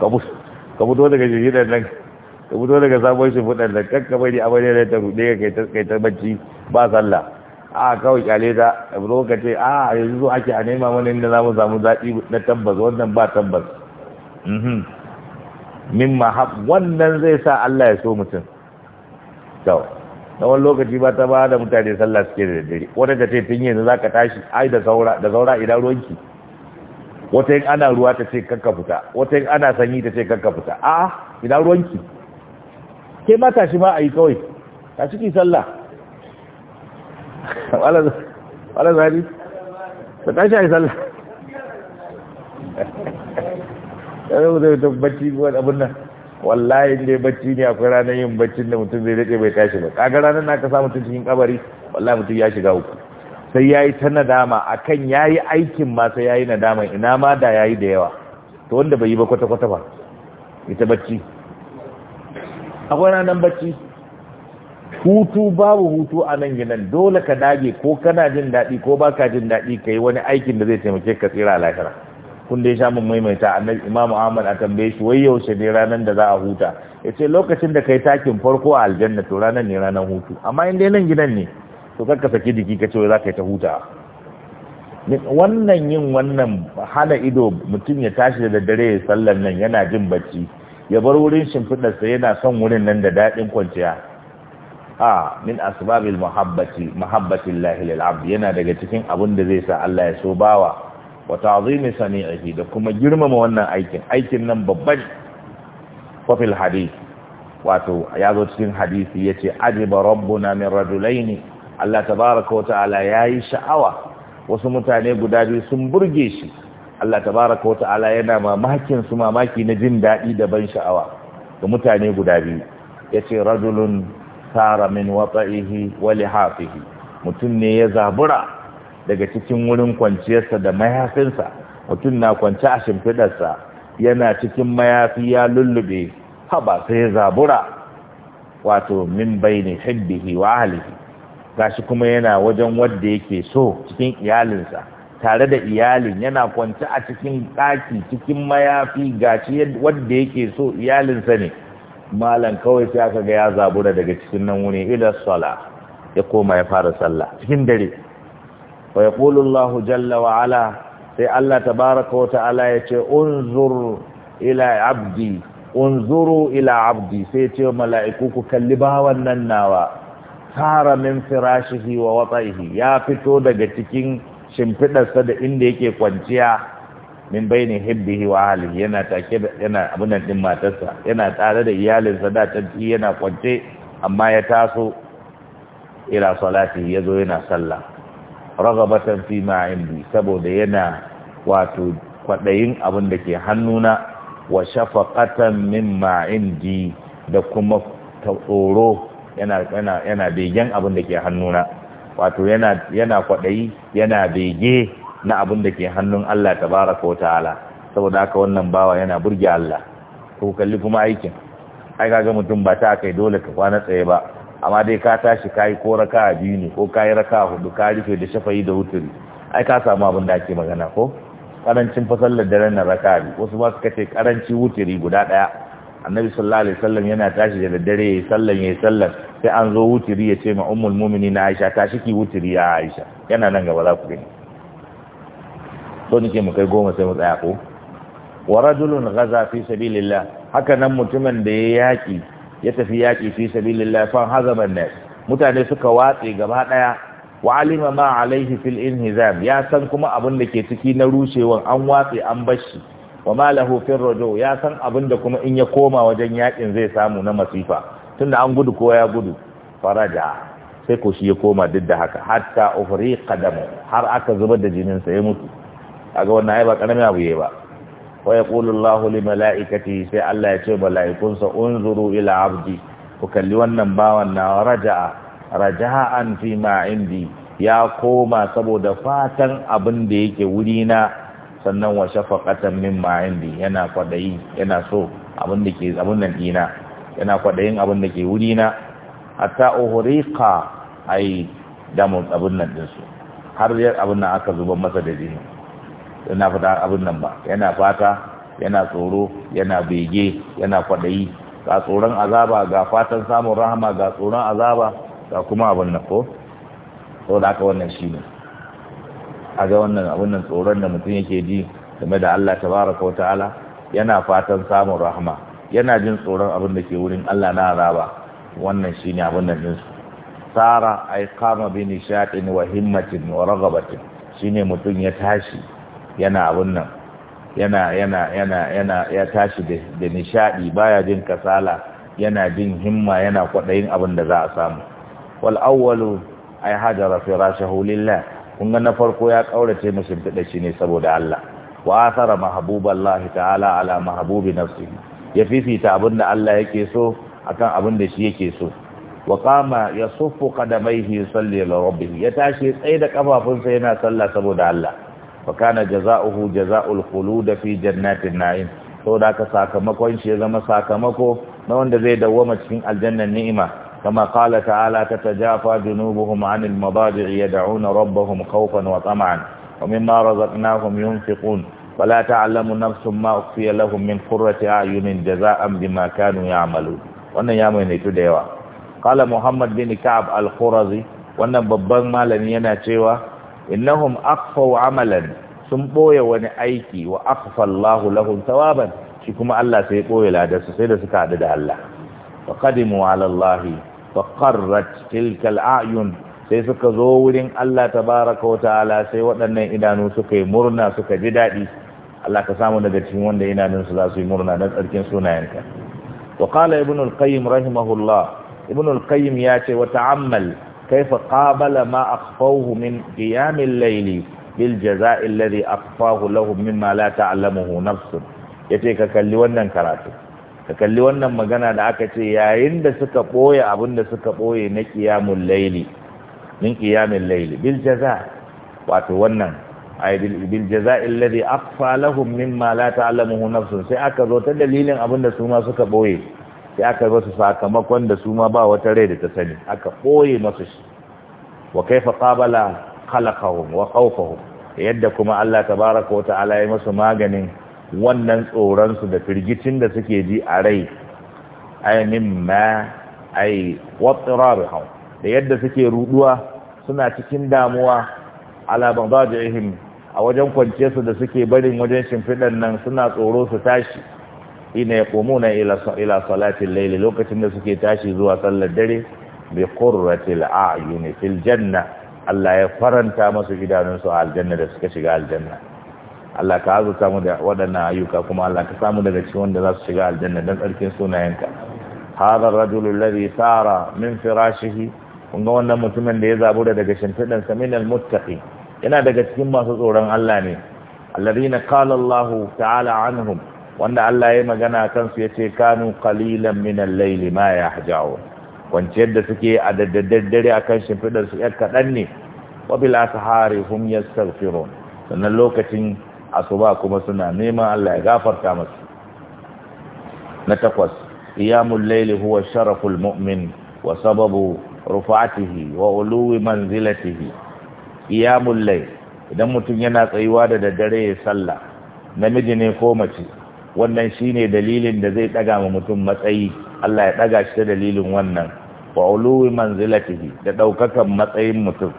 ka fito daga shimfidan nan ka fito daga sabon shimfidan nan kan ka bari da ta rude ka kai ta bacci ba sallah a kawai kyale ta ce a yanzu ake a nema wani inda za mu samu zaɓi na tabbas wannan ba tabbas Mhm. min mahab wannan zai sa Allah ya so mutum da na wani lokaci ba ta ba da mutane sallah suke da dare wata ta ce tun yanzu za ka tashi ai da saura da saura idan ruwanki wata yin ana ruwa ta ce kanka fita wata yin ana sanyi ta ce kanka fita a idan ruwanki ke ma tashi ma a yi kawai ta ciki sallah wala zari ta tashi a yi sallah yau zai ta bacci wani abin nan wallahi dai bacci ne akwai ranar yin baccin da mutum zai daɗe bai tashi ba kaga ranar na ka sa mutum cikin kabari wallahi mutum ya shiga uku sai ya yi ta nadama akan ya yi aikin ma sai ya yi nadama ina ma da ya yi da yawa to wanda bai yi ba kwata-kwata ba ita bacci akwai ranar bacci hutu babu hutu a nan gidan dole ka dage ko kana jin daɗi ko baka jin daɗi ka yi wani aikin da zai taimake ka tsira a lahira kun dai sha mun maimaita annabi Imam Ahmad a tambaye shi wai yaushe ne ranan da za a huta yace lokacin da kai takin farko a aljanna to ranan ne ranan hutu amma in dai nan gidan ne to kanka saki jiki kace wai za ka yi ta huta wannan yin wannan hana ido mutum ya tashi da daddare ya sallan nan yana jin bacci ya bar wurin shimfiɗarsa yana son wurin nan da daɗin kwanciya a min asbabil muhabbati muhabbatin lil abd yana daga cikin abin da zai sa Allah ya so bawa wa sani sani'ihi da kuma girmama wannan aikin aikin nan babban fa fil hadith wato ya zo cikin hadisi yace ajiba rabbuna min ne. Allah tabaaraka wa ta'ala yayi sha'awa wasu mutane guda biyu sun burge shi Allah tabaraka wa ta'ala yana mamakin su mamaki na jin daɗi da ban sha'awa ga mutane guda biyu yace radulun sara min wata'ihi wa lihafihi mutum ne ya zabura daga cikin wurin kwanciyarsa da mayafinsa mutum na kwanci a shimfidarsa yana cikin mayafi ya lullube haba sai ya zabura wato min baini hibbihi wa ahlihi gashi kuma yana wajen wanda yake so cikin iyalinsa tare da iyalin yana kwanci a cikin ɗaki cikin mayafi gashi wanda yake so iyalinsa ne malam kawai sai aka ga ya zabura daga cikin nan wuri ila sala ya koma ya fara sallah cikin dare wa yaqulu jalla sai Allah tabaraka wa ta'ala yace unzur ila abdi unzuru ila abdi sai ce mala'iku ku kalli bawan nan nawa tara min firashihi wa wata'ihi ya fito daga cikin shimfidarsa da inda yake kwanciya min baini hibbihi wa ahlihi yana take da yana abunan matarsa yana tare da iyalinsa da tanti yana kwance amma ya taso ila salati yazo yana sallah ragabatan fi ma indi saboda yana wato kwadayin abin da ke hannuna wa shafaqatan mimma indi da kuma tsoro yana yana yana begen abin da ke hannuna wato yana yana kwadayi yana bege na abin da ke hannun Allah tabaraka wa ta'ala saboda haka wannan bawa yana burge Allah ko kalli kuma aikin ai kaga mutum ba ta kai dole ka kwana tsaye ba amma dai ka tashi ka yi ko raka a biyu ne ko ka yi raka a hudu ka rufe da shafayi da wuturi ai ka samu abin da ake magana ko karancin fasallar na raka biyu wasu ba su kace karanci wuturi guda daya annabi sallallahu alaihi wasallam yana tashi da daddare yayi sallan yayi sallan sai an zo wuturi ya ce ma ummul mu'minin Aisha tashi ki wuturi ya Aisha yana nan gaba za ku gani to nake mu kai goma sai mu tsaya ko wa rajulun ghaza fi sabilillah haka nan mutumin da ya yaki ya tafi yaƙi fi sabilillah fa hazaban nas mutane suka watse gaba daya wa alima ma alaihi fil inhizam ya san kuma abin da ke ciki na rushewan an watse an bashi wa ma lahu fil ya san abin da kuma in ya koma wajen yaƙin zai samu na masifa tunda an gudu ko ya gudu faraja sai ko shi ya koma duk da haka hatta ufri qadamu har aka zubar da jinin sa ya mutu kaga wannan ai ba karamin abu yayi ba wa yaqulu Allahu li sai Allah ya ce mala'ikunsa unzuru ila abdi ku kalli wannan bawan na raja'a raja'an fi ma indi ya koma saboda fatan abin da yake wuri na sannan wa shafaqatan min ma indi yana kwadayi yana so abin da ke abin nan dina yana kwadayin abin da ke wuri na hatta uhriqa ai damu abin nan su har abin nan aka zuba masa da jini yana fata abin nan ba yana fata yana tsoro yana bege yana kwaɗayi ga tsoron azaba ga fatan samun rahama ga tsoron azaba ga kuma abin nan ko so da aka wannan shi ne a ga wannan abin nan tsoron da mutum yake ji game da Allah ta tabaraka wa ta'ala yana fatan samun rahama yana jin tsoron abin da ke wurin Allah na azaba wannan shi ne abin nan jinsu tsara yi kama bi nishaɗin wa himmatin wa ragabatin shi ne mutum ya tashi yana abun nan yana yana yana yana ya tashi da nishadi baya jin kasala yana jin himma yana kwadayin abin da za a samu wal awwalu ay hajara firashahu lillah kun ga na farko ya kaurace mishi da shi ne saboda Allah wa athara mahbuballahi ta'ala ala mahbubi nafsihi ya fifita abin da Allah yake so akan abin da shi yake so wa qama yasuffu qadamaihi yusalli li rabbih ya tashi tsaye da kafafunsa yana sallah saboda Allah wakana kana jaza'uhu jaza'ul khulud fi jannatin na'im saboda haka sakamakon shi ya zama sakamako na wanda zai dawwama cikin aljannan ni'ima kama qala ta'ala tatajafa junubuhum 'anil da'una yad'una rabbahum khawfan wa tam'an wa mimma razaqnahum yunfiqun ولا تعلم نفس ما اخفي لهم من قرة اعين جزاء بما كانوا يعملون wannan ya mai da yawa qala muhammad bin ka'ab al-qurazi wannan babban malami yana cewa innahum akhfau amalan sun boye wani aiki wa akhfa Allahu lahum thawaban shi kuma Allah sai ya boye su sai da suka hadu da Allah fa qadimu ala Allah fa qarrat tilka al'ayun sai suka zo wurin Allah tabaraka wa ta'ala sai waɗannan idanu suka yi murna suka ji daɗi Allah ka samu daga cikin wanda idanun su za su yi murna na tsarkin sunayenka wa qala ibn al-qayyim rahimahullah ibn al-qayyim ya ce wa ta'ammal kaifa qabala ma akhfawhu min qiyam al-layl bil jaza'i alladhi akhfahu lahum mimma la ta'lamuhu nafsun yace ka kalli wannan karatu ka kalli wannan magana da aka ce yayin da suka boye abin da suka boye na qiyamul layli bil jaza' wato wannan ay bil nafsun sai aka zo ta dalilin abin da su ma suka boye sai aka basu sakamakon da su ma ba wata rai da ta sani aka ɓoye masu shi wa kaifa qabala khalaqahum wa khawfahum yadda kuma Allah tabaraka wa ta'ala ya masu maganin wannan tsoron su da firgicin da suke ji a rai ay mimma ay da yadda suke ruduwa suna cikin damuwa ala baghdadihim a wajen kwanciyarsu da suke barin wajen shimfiɗan nan suna tsoro su tashi hina komo na ila salatin al lokacin da suke tashi zuwa sallar dare bi qurratil a'yuni fil janna Allah ya faranta masu idanunsu a aljanna da suka shiga aljanna Allah ka azurta mu da waɗannan ayyuka kuma Allah ka samu daga cikin wanda za su shiga aljanna dan tsarkin sunayenka hadha ar-rajulu alladhi sara min firashihi kun ga wannan mutumin da ya zabura daga shimfidan sa min al-muttaqi yana daga cikin masu tsoron Allah ne alladhina qala Allah ta'ala anhum wanda Allah ya magana kansu ya ce kanu qalilan min al-layli ma yahja'u kwanciyar da suke a akan shimfidar su yar kaɗan ne wa bil ashari hum yastaghfirun sannan lokacin asuba kuma suna neman Allah ya gafarta musu na takwas iyamun layli huwa sharaful mu'min wa sababu rufatihi wa uluwi manzilatihi qiyamul layl idan mutum yana tsayuwa da daddare ya sallah namiji ne ko mace wannan shine dalilin da zai daga ma mutum matsayi Allah ya daga shi ta dalilin wannan wa uluwi manzilatihi da daukakan matsayin mutum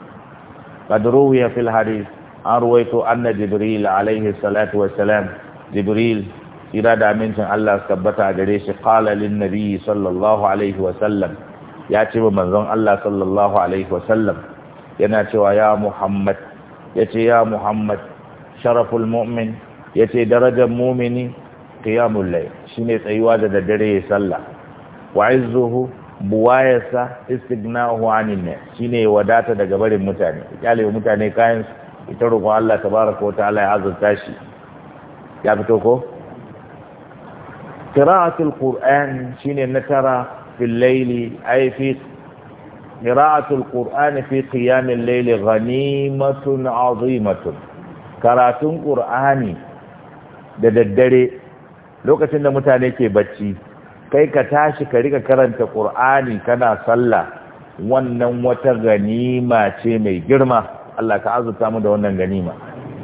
qadruhu ya fil an ruwaito anna jibril alaihi salatu wassalam jibril ira da amincin Allah tabbata gare shi qala lin nabi sallallahu alaihi wasallam ya ce wa manzon Allah sallallahu alaihi wasallam yana cewa ya muhammad yace ya muhammad sharaful mu'min yace darajar mu'mini qiyamul layl shine tsayuwa da daddare ya sallah wa izzuhu buwayarsa istignahu anin ne shine wadata daga barin mutane kyale mutane kayan ita roƙon Allah tabaraka wataala ya azurta shi ya fito ko qira'atul qur'an shine na tara fil layli ay fi qira'atul qur'an fi qiyam al-layl ghanimatun azimatun karatun qur'ani da daddare lokacin da mutane ke bacci kai ka tashi ka rika karanta qur'ani kana sallah wannan wata ganima ce mai girma Allah ka azurta mu da wannan ganima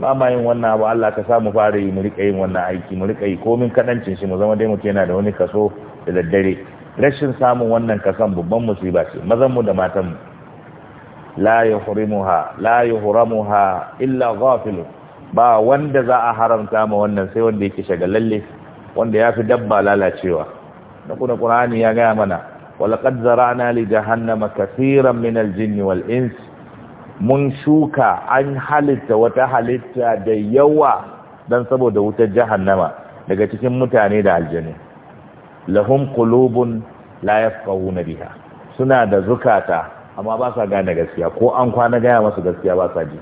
ba ma yin wannan abu Allah ka samu fara yi mu rika yin wannan aiki mu rika yi komin kadancin shi mu zama dai mu yana da wani kaso da daddare rashin samun wannan kasan babban musiba ce mazan mu da matan mu la yuhrimuha la yuhramuha illa ghafil ba wanda za a haramta ma wannan sai wanda yake shagalalle wanda ya fi dabba lalacewa da kuna ƙur'ani ya gaya mana walaƙad zara'na li jahannama kasiran min aljinni wal ins mun shuka an halitta wata halitta da yawa dan saboda wutar jahannama daga cikin mutane da aljanu lahum qulubun la yafqahuna biha suna da zukata amma ba sa gane gaskiya ko an kwana gaya masu gaskiya ba sa ji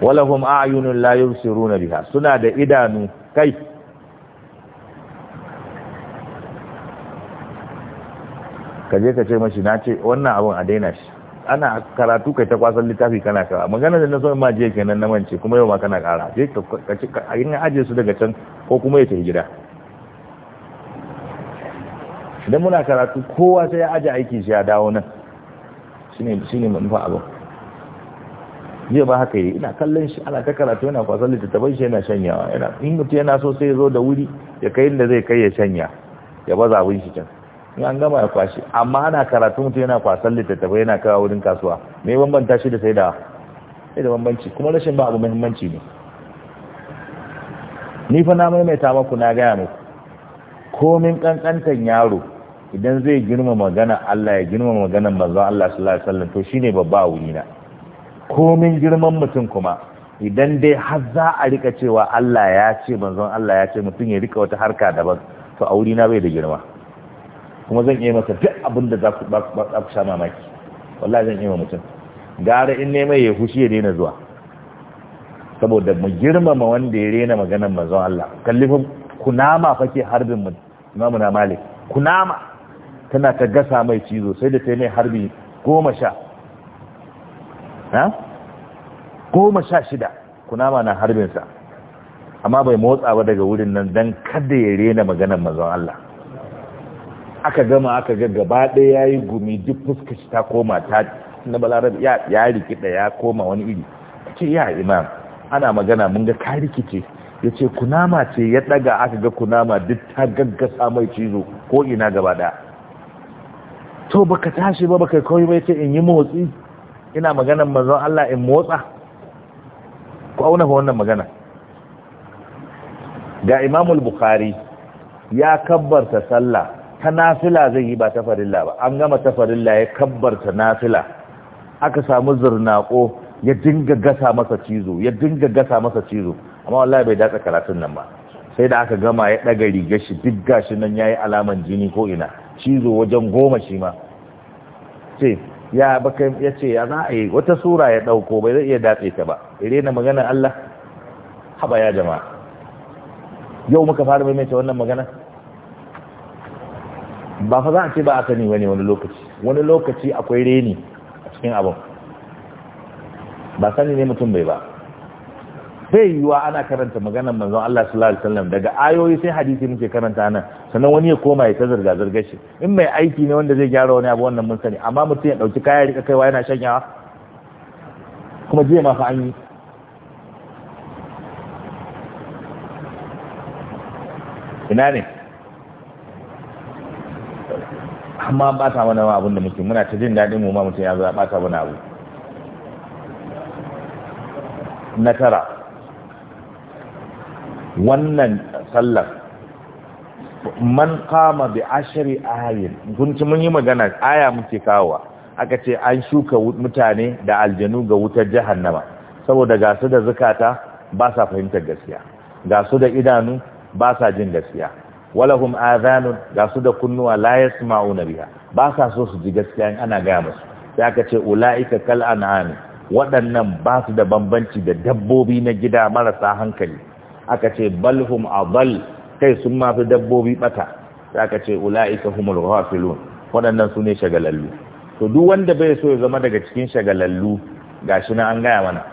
walahum a'yunun la yusiruna biha suna da idanu kai ka je ka ce mashi na ce wannan abin a daina shi ana karatu kai ta kwasan littafi kana kawa magana da na so ma je kenan na mance kuma yau ma kana kara je ka ci a yin aje su daga can ko kuma ya tafi gida idan muna karatu kowa sai ya aje aiki shi ya dawo nan shine shine manufa abin zai ba haka yi ina kallon shi ana ta karatu yana kwasan littafi shi yana shanyawa yana in mutum yana so sai ya zo da wuri ya kai inda zai kai ya shanya ya baza abin shi can in an gama ya kwashi amma ana karatu mutum yana kwasan littattafai yana kawo wurin kasuwa me bambanta shi da sai da sai da bambanci kuma rashin ba abu muhimmanci ne ni fa na maimaita maku na gaya muku komin kankantan yaro idan zai girma magana Allah ya girma maganar manzon Allah sallallahu alaihi wasallam to shine babba a wurina komin girman mutum kuma idan dai har za a rika cewa Allah ya ce manzon Allah ya ce mutum ya rika wata harka daban to a na bai da girma kuma zan iya masa duk abin da za ku sha mamaki wallahi zan iya mutum gara in nema ya hushi ya daina zuwa saboda mu girmama wanda ya rena maganar mazan Allah kallifin kunama fake harbin mu na malik kunama tana ta gasa mai cizo sai da ta mai harbi goma sha ha goma sha shida kunama na harbinsa amma bai motsa ba daga wurin nan don kada ya rena maganar mazan Allah aka gama aka ga gaba ɗaya ya yi gumi duk fuskar ta koma ta na balarabe ya rikida ya koma wani iri ce ya imam ana magana mun ga ka rikice ya ce kunama ce ya ɗaga aka ga kunama duk ta gaggasa mai cizo ko ina gaba ɗaya to baka tashi ba baka kawai bai ce in yi motsi ina maganan manzon Allah in motsa ku auna fa wannan magana ga imamul bukhari ya kabbarta sallah ta nafila zai yi ba ta farilla ba an gama ta farilla ya kabbarta nafila aka samu zurnako ya dinga gasa masa cizo ya dinga gasa masa cizo amma wallahi bai datsa karatun nan ba sai da aka gama ya daga riga shi duk gashi nan yayi alaman jini ko ina cizo wajen goma shi ma ce ya baka ya ce ya za a yi wata sura ya dauko bai zai iya datse ta ba irena magana Allah haba ya jama'a yau muka fara maimaita wannan magana ba fa za a ce ba a sani wani wani lokaci wani lokaci akwai reni a cikin abin ba sani ne mutum bai ba sai yiwuwa ana karanta maganar manzon Allah sallallahu alaihi wasallam daga ayoyi sai hadisi muke karanta nan sannan wani ya koma ya ta zarga zarga shi in mai aiki ne wanda zai gyara wani abu wannan mun sani amma mutum ya dauki kaya rika kaiwa yana shanyawa kuma jiya ma fa an yi ina ne amma ba ta mana abin da muke muna ta jin daɗin mu ma mutum ya zaɓa ta mana abu na tara wannan sallar man kama bi ashari ayin kun ci mun yi magana aya muke kawowa aka ce an shuka mutane da aljanu ga wutar jihar nama saboda ga su da zukata ba sa fahimtar gaskiya gasu da idanu ba sa jin gaskiya walahum adhanun ga su da kunnuwa la yasma'una biha ba sa so su ji gaskiya ana ga musu sai aka ce ulaika kal an'ami waɗannan ba su da bambanci da dabbobi na gida marasa hankali aka ce balhum adall kai sun ma fi dabbobi bata sai aka ce ulaika humul ghafilun waɗannan su ne shagalallu to duk wanda bai so ya zama daga cikin shagalallu gashi na an gaya mana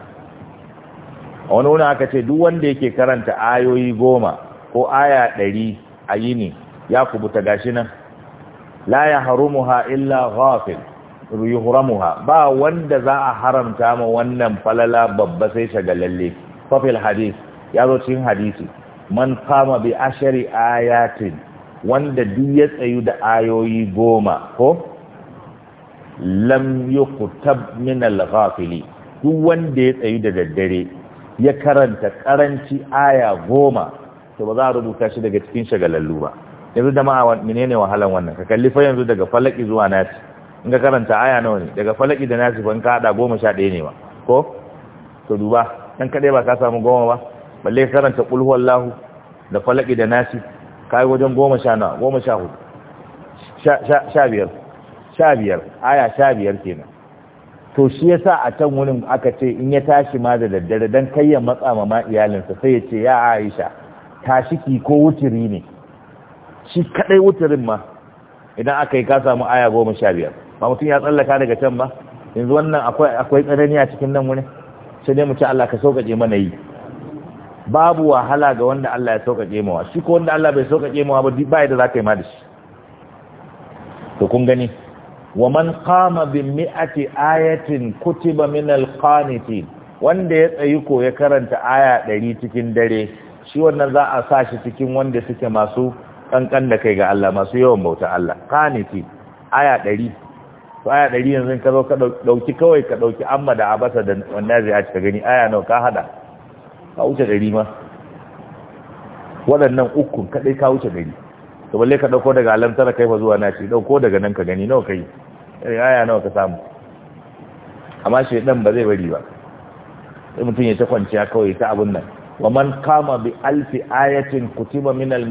a wani aka ce duk wanda yake karanta ayoyi goma ko aya ɗari a yini ya kubuta gashi nan la ya harumuha illa ghafil yuhramuha ba wanda za a haramta ma wannan falala babba sai shagalalle fafil hadith ya zo cikin hadisi man kama bi ashari ayatin wanda duk ya tsayu da ayoyi goma ko lam yuqtab min al-ghafili duk wanda ya tsayu da daddare ya karanta karanci aya goma to ba za a rubuta shi daga cikin shagalallu ba yanzu da ma'a menene wahalan wannan ka kalli fa yanzu daga falaki zuwa nasi in ka karanta aya nawa ne daga falaki da nasi ban ka hada goma sha ɗaya ne ba ko to duba dan kaɗai ba ka samu goma ba balle ka karanta ƙulhuwar Lahu da falaki da nasi yi wajen goma sha nawa goma sha hudu sha biyar sha biyar aya sha biyar kenan to shi ya sa a can wurin aka ce in ya tashi ma da daddare dan kai ya matsa ma iyalinsa sai ya ce ya Aisha tashiki ko wuturi ne shi kadai wuturin ma idan aka yi ka samu aya goma sha biyar ba mutum ya tsallaka daga can ba yanzu wannan akwai tsanani a cikin nan wani sai dai mu ci Allah ka sauƙaƙe mana yi babu wahala ga wanda Allah ya sauƙaƙe mawa shi ko wanda Allah bai sauƙaƙe mawa ba ba da za ka yi ma da shi to kun gani wa man qama bi mi'ati ayatin kutiba min al-qanitin wanda ya tsayi ko ya karanta aya 100 cikin dare shi wannan za a sa shi cikin wanda suke masu kankan da kai ga Allah masu yawan bauta Allah qaniti aya 100 to aya 100 yanzu ka zo ka dauki kawai ka dauki amma da abasa da wannan zai ka gani aya nawa ka hada ka wuce 100 ma waɗannan ukun kaɗai ka wuce 100 to balle ka dauko daga alam tara kai fa zuwa na shi dauko daga nan ka gani nawa kai eh, aya nawa ka samu amma shi ɗan ba zai bari ba sai mutum ya ta kwanciya kawai ta abun nan wa man kama bi alfi ayatin kutiba min al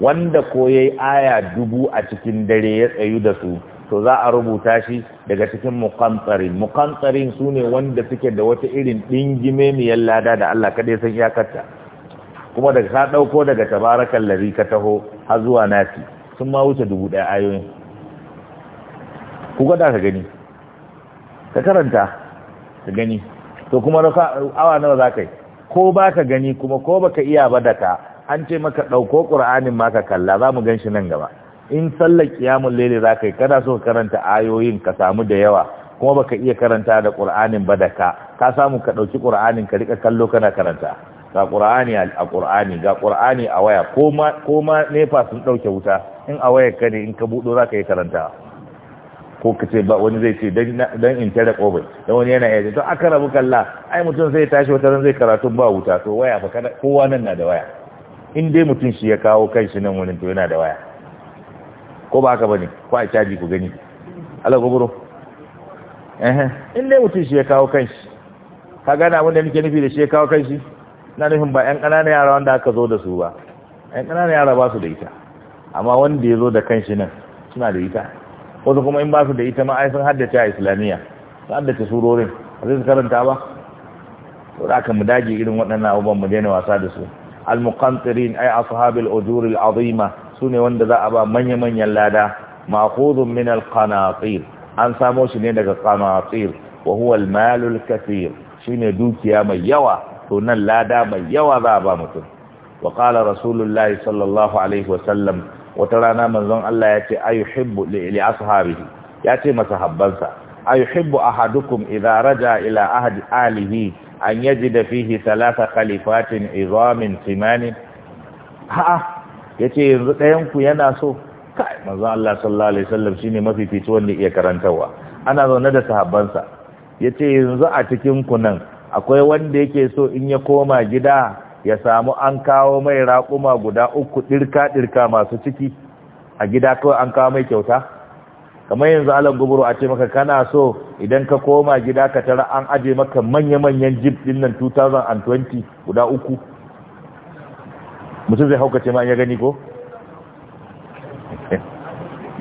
wanda koyai aya dubu a cikin dare ya tsayu da su to za a rubuta shi daga cikin muqantirin muqantirin sune wanda suke da wata irin dingimemiyar lada da Allah kada ya san iyakarta kuma daga ka dauko daga tabarakal ladhi ka taho har zuwa nasi sun ma wuce dubu daya ayoyin ku ga da ka gani ka karanta ka gani to kuma awa nawa za ka yi ko baka gani kuma ko baka iya ba da ka an ce maka ɗauko ƙur'anin ma ka kalla za mu gan shi nan gaba in sallar ƙiyamun lele za ka yi kana so ka karanta ayoyin ka samu da yawa kuma baka iya karanta da ƙur'anin ba da ka ka samu ka ɗauki ƙur'anin ka rika kallo kana karanta ga ƙur'ani a ƙur'ani ga ƙur'ani a waya ko ma nefa sun ɗauke wuta in a waya ka ne in ka buɗo za ka yi karanta ko ka ce ba wani zai ce don in tare kobai da wani yana yaji to aka rabu kalla ai mutum sai tashi wata ran zai karatu ba wuta to waya fa kada kowa nan na da waya in dai mutum shi ya kawo kai shi nan wani to yana da waya ko ba haka bane ko a caji ku gani Allah buru. eh in dai mutum shi ya kawo kanshi shi ka gana wanda da nake nufi da shi ya kawo kanshi shi na nufin ba 'yan ƙananan yara wanda aka zo da su ba 'yan ƙananan yara ba su da ita amma wanda ya zo da kanshi nan suna da ita wasu kuma in ba su da ita ma ai sun haddace a islamiyya sun haddace surorin ba zai su karanta ba to da aka mu dage irin waɗannan abubuwan mu daina wasa da su al-muqantirin ai ashabil ujur al-azima sune wanda za a ba manya-manyan lada ma'khudun min al-qanatir an samo shi ne daga qanatir wa huwa al-mal al-kathir shine dukiya mai yawa to nan lada mai yawa za a ba mutum wa qala rasulullahi sallallahu alaihi wa sallam wata rana manzon Allah ya ce ayuhibbu li ashabihi ya ce masahabbansa ayuhibbu ahadukum idza raja ila ahadi alihi an yajida fihi thalatha khalifatin izamin timanin ha yace yanzu ɗayan ku yana so kai manzon Allah sallallahu alaihi wasallam shine mafifici wanda iya karantawa ana zaune da sahabbansa yace yanzu a cikin ku nan akwai wanda yake so in ya koma gida ya samu an kawo mai raƙuma guda uku ɗirka-ɗirka masu ciki a gida kawai an kawo mai kyauta kamar yanzu alan guburu a ce maka kana so idan ka koma gida ka tara an aje maka manya-manyan jib din nan 2020 guda uku mutum zai haukace ma ya gani ko?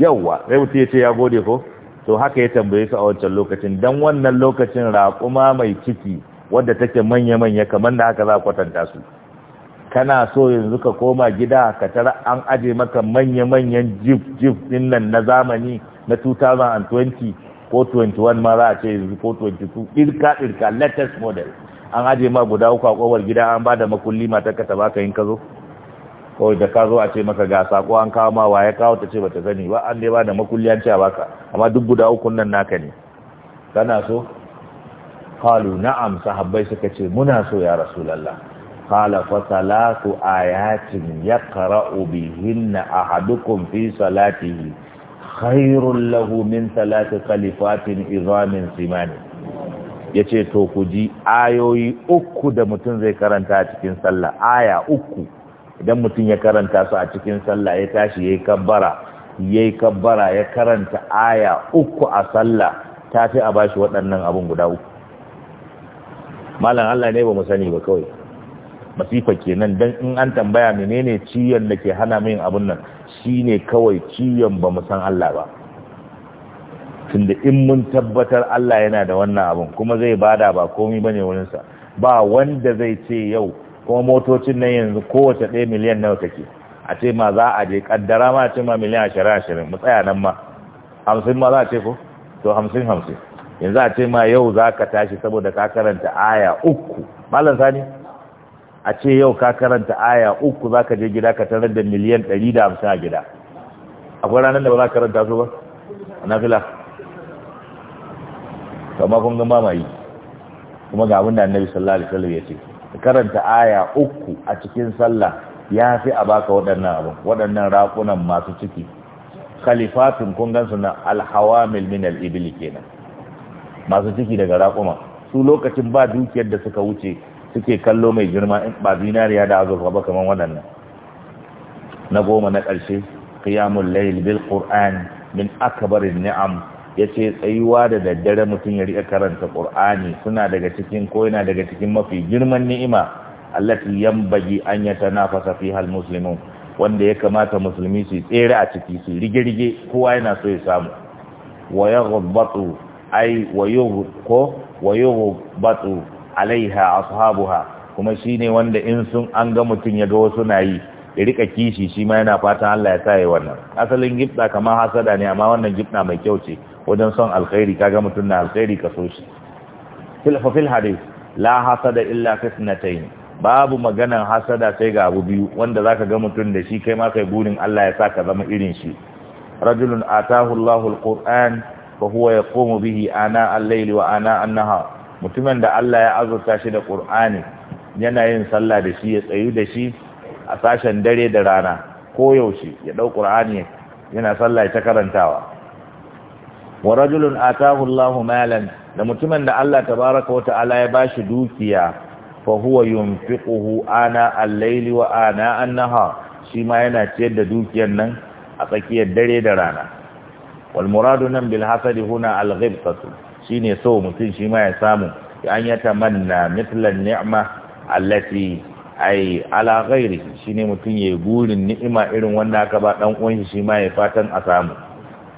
yauwa zai mutu ya ce ya gode ko? to haka ya tambaye su a wancan lokacin don wannan lokacin raƙuma mai ciki wadda take manya-manya kamar da haka za kwatanta su kana so yanzu ka koma gida ka tara an aje maka manya-manyan jif-jif din nan na zamani na 2020 ko 21 ma za a ce yanzu ko 22 irka-irka latest model an aje ma guda uku a kowar gida an ba da makulli ka ta baka yin ka zo kawai da ka zo a ce maka ga sako an kawo ma waye kawo ta ce bata sani ba an dai ba da makulli an ce a baka amma duk guda uku nan naka ne kana so kalu na'am sahabbai suka ce muna so ya rasulullah qala fa salatu ayatin yaqra'u bihinna ahadukum fi salatihi khairul lahu min salati khalifatin izamin simani yace to ku ji ayoyi uku da mutum zai karanta a cikin sallah aya uku idan mutum ya karanta su a cikin sallah ya tashi yayi kabbara yayi kabbara ya karanta aya uku a sallah tafi a bashi waɗannan abun guda uku malam Allah ne ba mu sani ba kawai masifa kenan dan in an tambaya menene ciyon da ke hana min abun nan shine kawai ciyon ba mu san Allah ba tunda in mun tabbatar Allah yana da wannan abun kuma zai bada ba komai bane wurin sa ba wanda zai ce yau kuma motocin nan yanzu kowace ɗaya miliyan nawa take a ce ma za a je kaddara ma ce ma miliyan ashirin ashirin mu tsaya nan ma hamsin ma za a ce ko to hamsin hamsin yanzu a ce ma yau za ka tashi saboda ka karanta aya uku malam sani a ce yau ka karanta aya uku za ka je gida ka tarar da miliyan ɗari da hamsin a gida akwai ranar da ba za ka karanta su ba a nafila kama kun gama mai kuma ga abin da annabi sallallahu alaihi wasallam ya ce karanta aya uku a cikin sallah ya fi a baka waɗannan abu waɗannan raƙunan masu ciki khalifatun kun gansu na alhawamil min al-ibli kenan masu ciki daga raƙuma su lokacin ba dukiyar da suka wuce suke kallo mai girma ba zinariya da azurfa ba kamar waɗannan na goma na ƙarshe qiyamul layl bil qur'an min akbarin ni'am yace tsayuwa da daddare mutum ya riƙa karanta qur'ani suna daga cikin ko yana daga cikin mafi girman ni'ima allati yanbaghi an yatanafasa fiha al muslimun wanda ya kamata musulmi su tsere a ciki su rige-rige kowa yana so ya samu wa ai wayo ko wayo batu alaiha ashabuha kuma shine wanda in sun an ga mutun yaga wasu na yi ya rika kishi shi ma yana fatan Allah ya tayi wannan asalin gifta kamar hasada ne amma wannan gifta mai kyau ce wajen son alkhairi kaga mutun na alkhairi ka so shi fil fil hadith la hasada illa fitnatayn babu maganan hasada sai ga abu biyu wanda zaka ga mutun da shi kai ma kai burin Allah ya saka zama irin shi rajulun atahu Allahul Qur'an fa huwa yaqumu bihi ana al-layli wa ana an-nahar mutumin da Allah ya azurta shi da Qur'ani yana yin sallah da shi ya tsayu da shi a sashen dare da rana ko yaushe ya dau Qur'ani yana sallah ta karantawa wa rajulun atahu Allahu malan da mutumin da Allah tabaaraka wa ta'ala ya bashi dukiya fa huwa yunfiquhu ana al-layli wa ana an-nahar shi ma yana ciyar da dukiyar nan a tsakiyar dare da rana wal nan bil hasadi huna al ghibtatu shine so mutum shi ma ya samu an ya tamanna mithlan ni'ma allati ay ala ghairi shine mutum yayi gurin ni'ima irin wanda aka ba dan uwan shi ma ya fatan a samu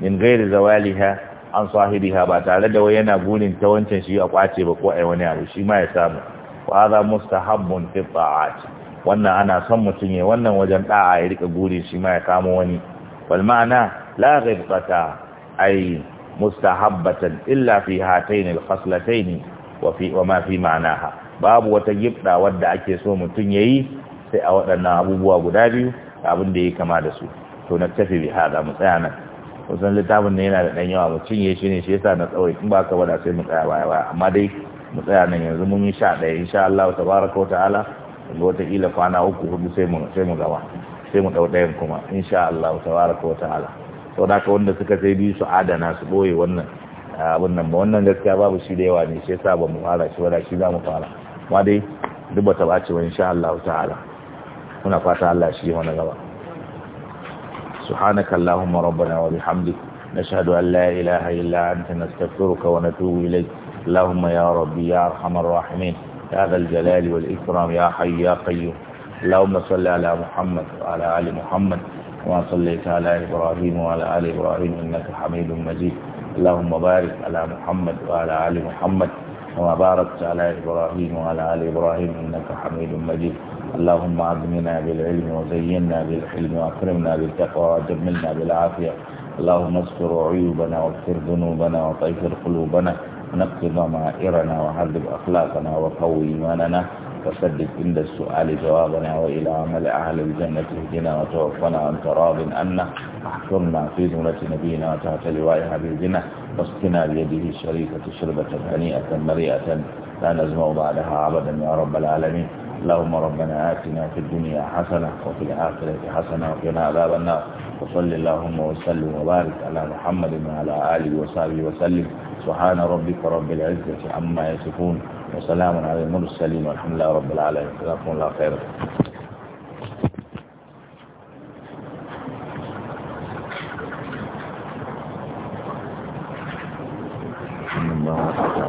min ghairi zawaliha an sahibiha ba tare da wai yana burin ta wancan shi a kwace ba ko ai wani abu shi ma ya samu wa hadha mustahabbun fi ta'at wannan ana son mutum ya wannan wajen da'a ya rika gurin, shi ma ya kamo wani wal ma'ana la ghibtata ay mustahabbatan illa fi hatayn al-khaslatayn wa fi wa ma fi ma'naha babu wata gibda wadda ake so mutun yayi sai a waɗannan abubuwa guda biyu abin da ya kama da su to na tafi bi hada mu tsaya nan kusan littafin ne yana da dan yawa mu cinye shi shi yasa na tsawai in ba ka wada sai mu tsaya baya baya amma dai mu tsaya nan yanzu mun yi sha daya insha Allah tabaaraka wa ta'ala wataƙila kwana uku hudu sai mu sai mu gaba sai mu ɗau dayan kuma insha Allah tabaraka wa ta'ala sau wanda suka sai biyu su adana su ɓoye wannan abin nan ba wannan gaskiya babu shi da yawa ne shi yasa ba mu fara shi ba shi za mu fara ma dai duk ba ta ɓaci ba insha Allah ta'ala muna fata Allah shi wani gaba subhanaka allahumma rabbana wa bihamdika نشهد أن لا إله إلا أنت نستغفرك ونتوب إليك ya rabbi ya يا أرحم ya يا ذا الجلال والإكرام يا حي يا قيوم اللهم صل على محمد وعلى آل محمد كما صليت على إبراهيم وعلى آل إبراهيم إنك حميد مجيد اللهم بارك على محمد وعلى آل محمد كما باركت على إبراهيم وعلى آل إبراهيم إنك حميد مجيد اللهم عزمنا بالعلم وزينا بالحلم وأكرمنا بالتقوى وجملنا بالعافية اللهم استر عيوبنا واغفر ذنوبنا وطهر قلوبنا ونقض ضمائرنا وهذب أخلاقنا وقوي إيماننا تصدق عند السؤال جوابنا وإلى عمل أهل الجنة اهدنا وتوفنا عن تراب أن احكمنا في زمرة نبينا وتحت لوائها حبيبنا واسقنا بيده الشريفة شربة هنيئة مريئة لا نزمع بعدها أبدا يا رب العالمين اللهم ربنا آتنا في الدنيا حسنة وفي الآخرة حسنة وقنا عذاب النار وصل اللهم وسلم وبارك على محمد وعلى آله وصحبه وسلم سبحان ربك رب العزة عما يصفون وسلام على المرسلين والحمد لله رب العالمين جزاكم الله خيرا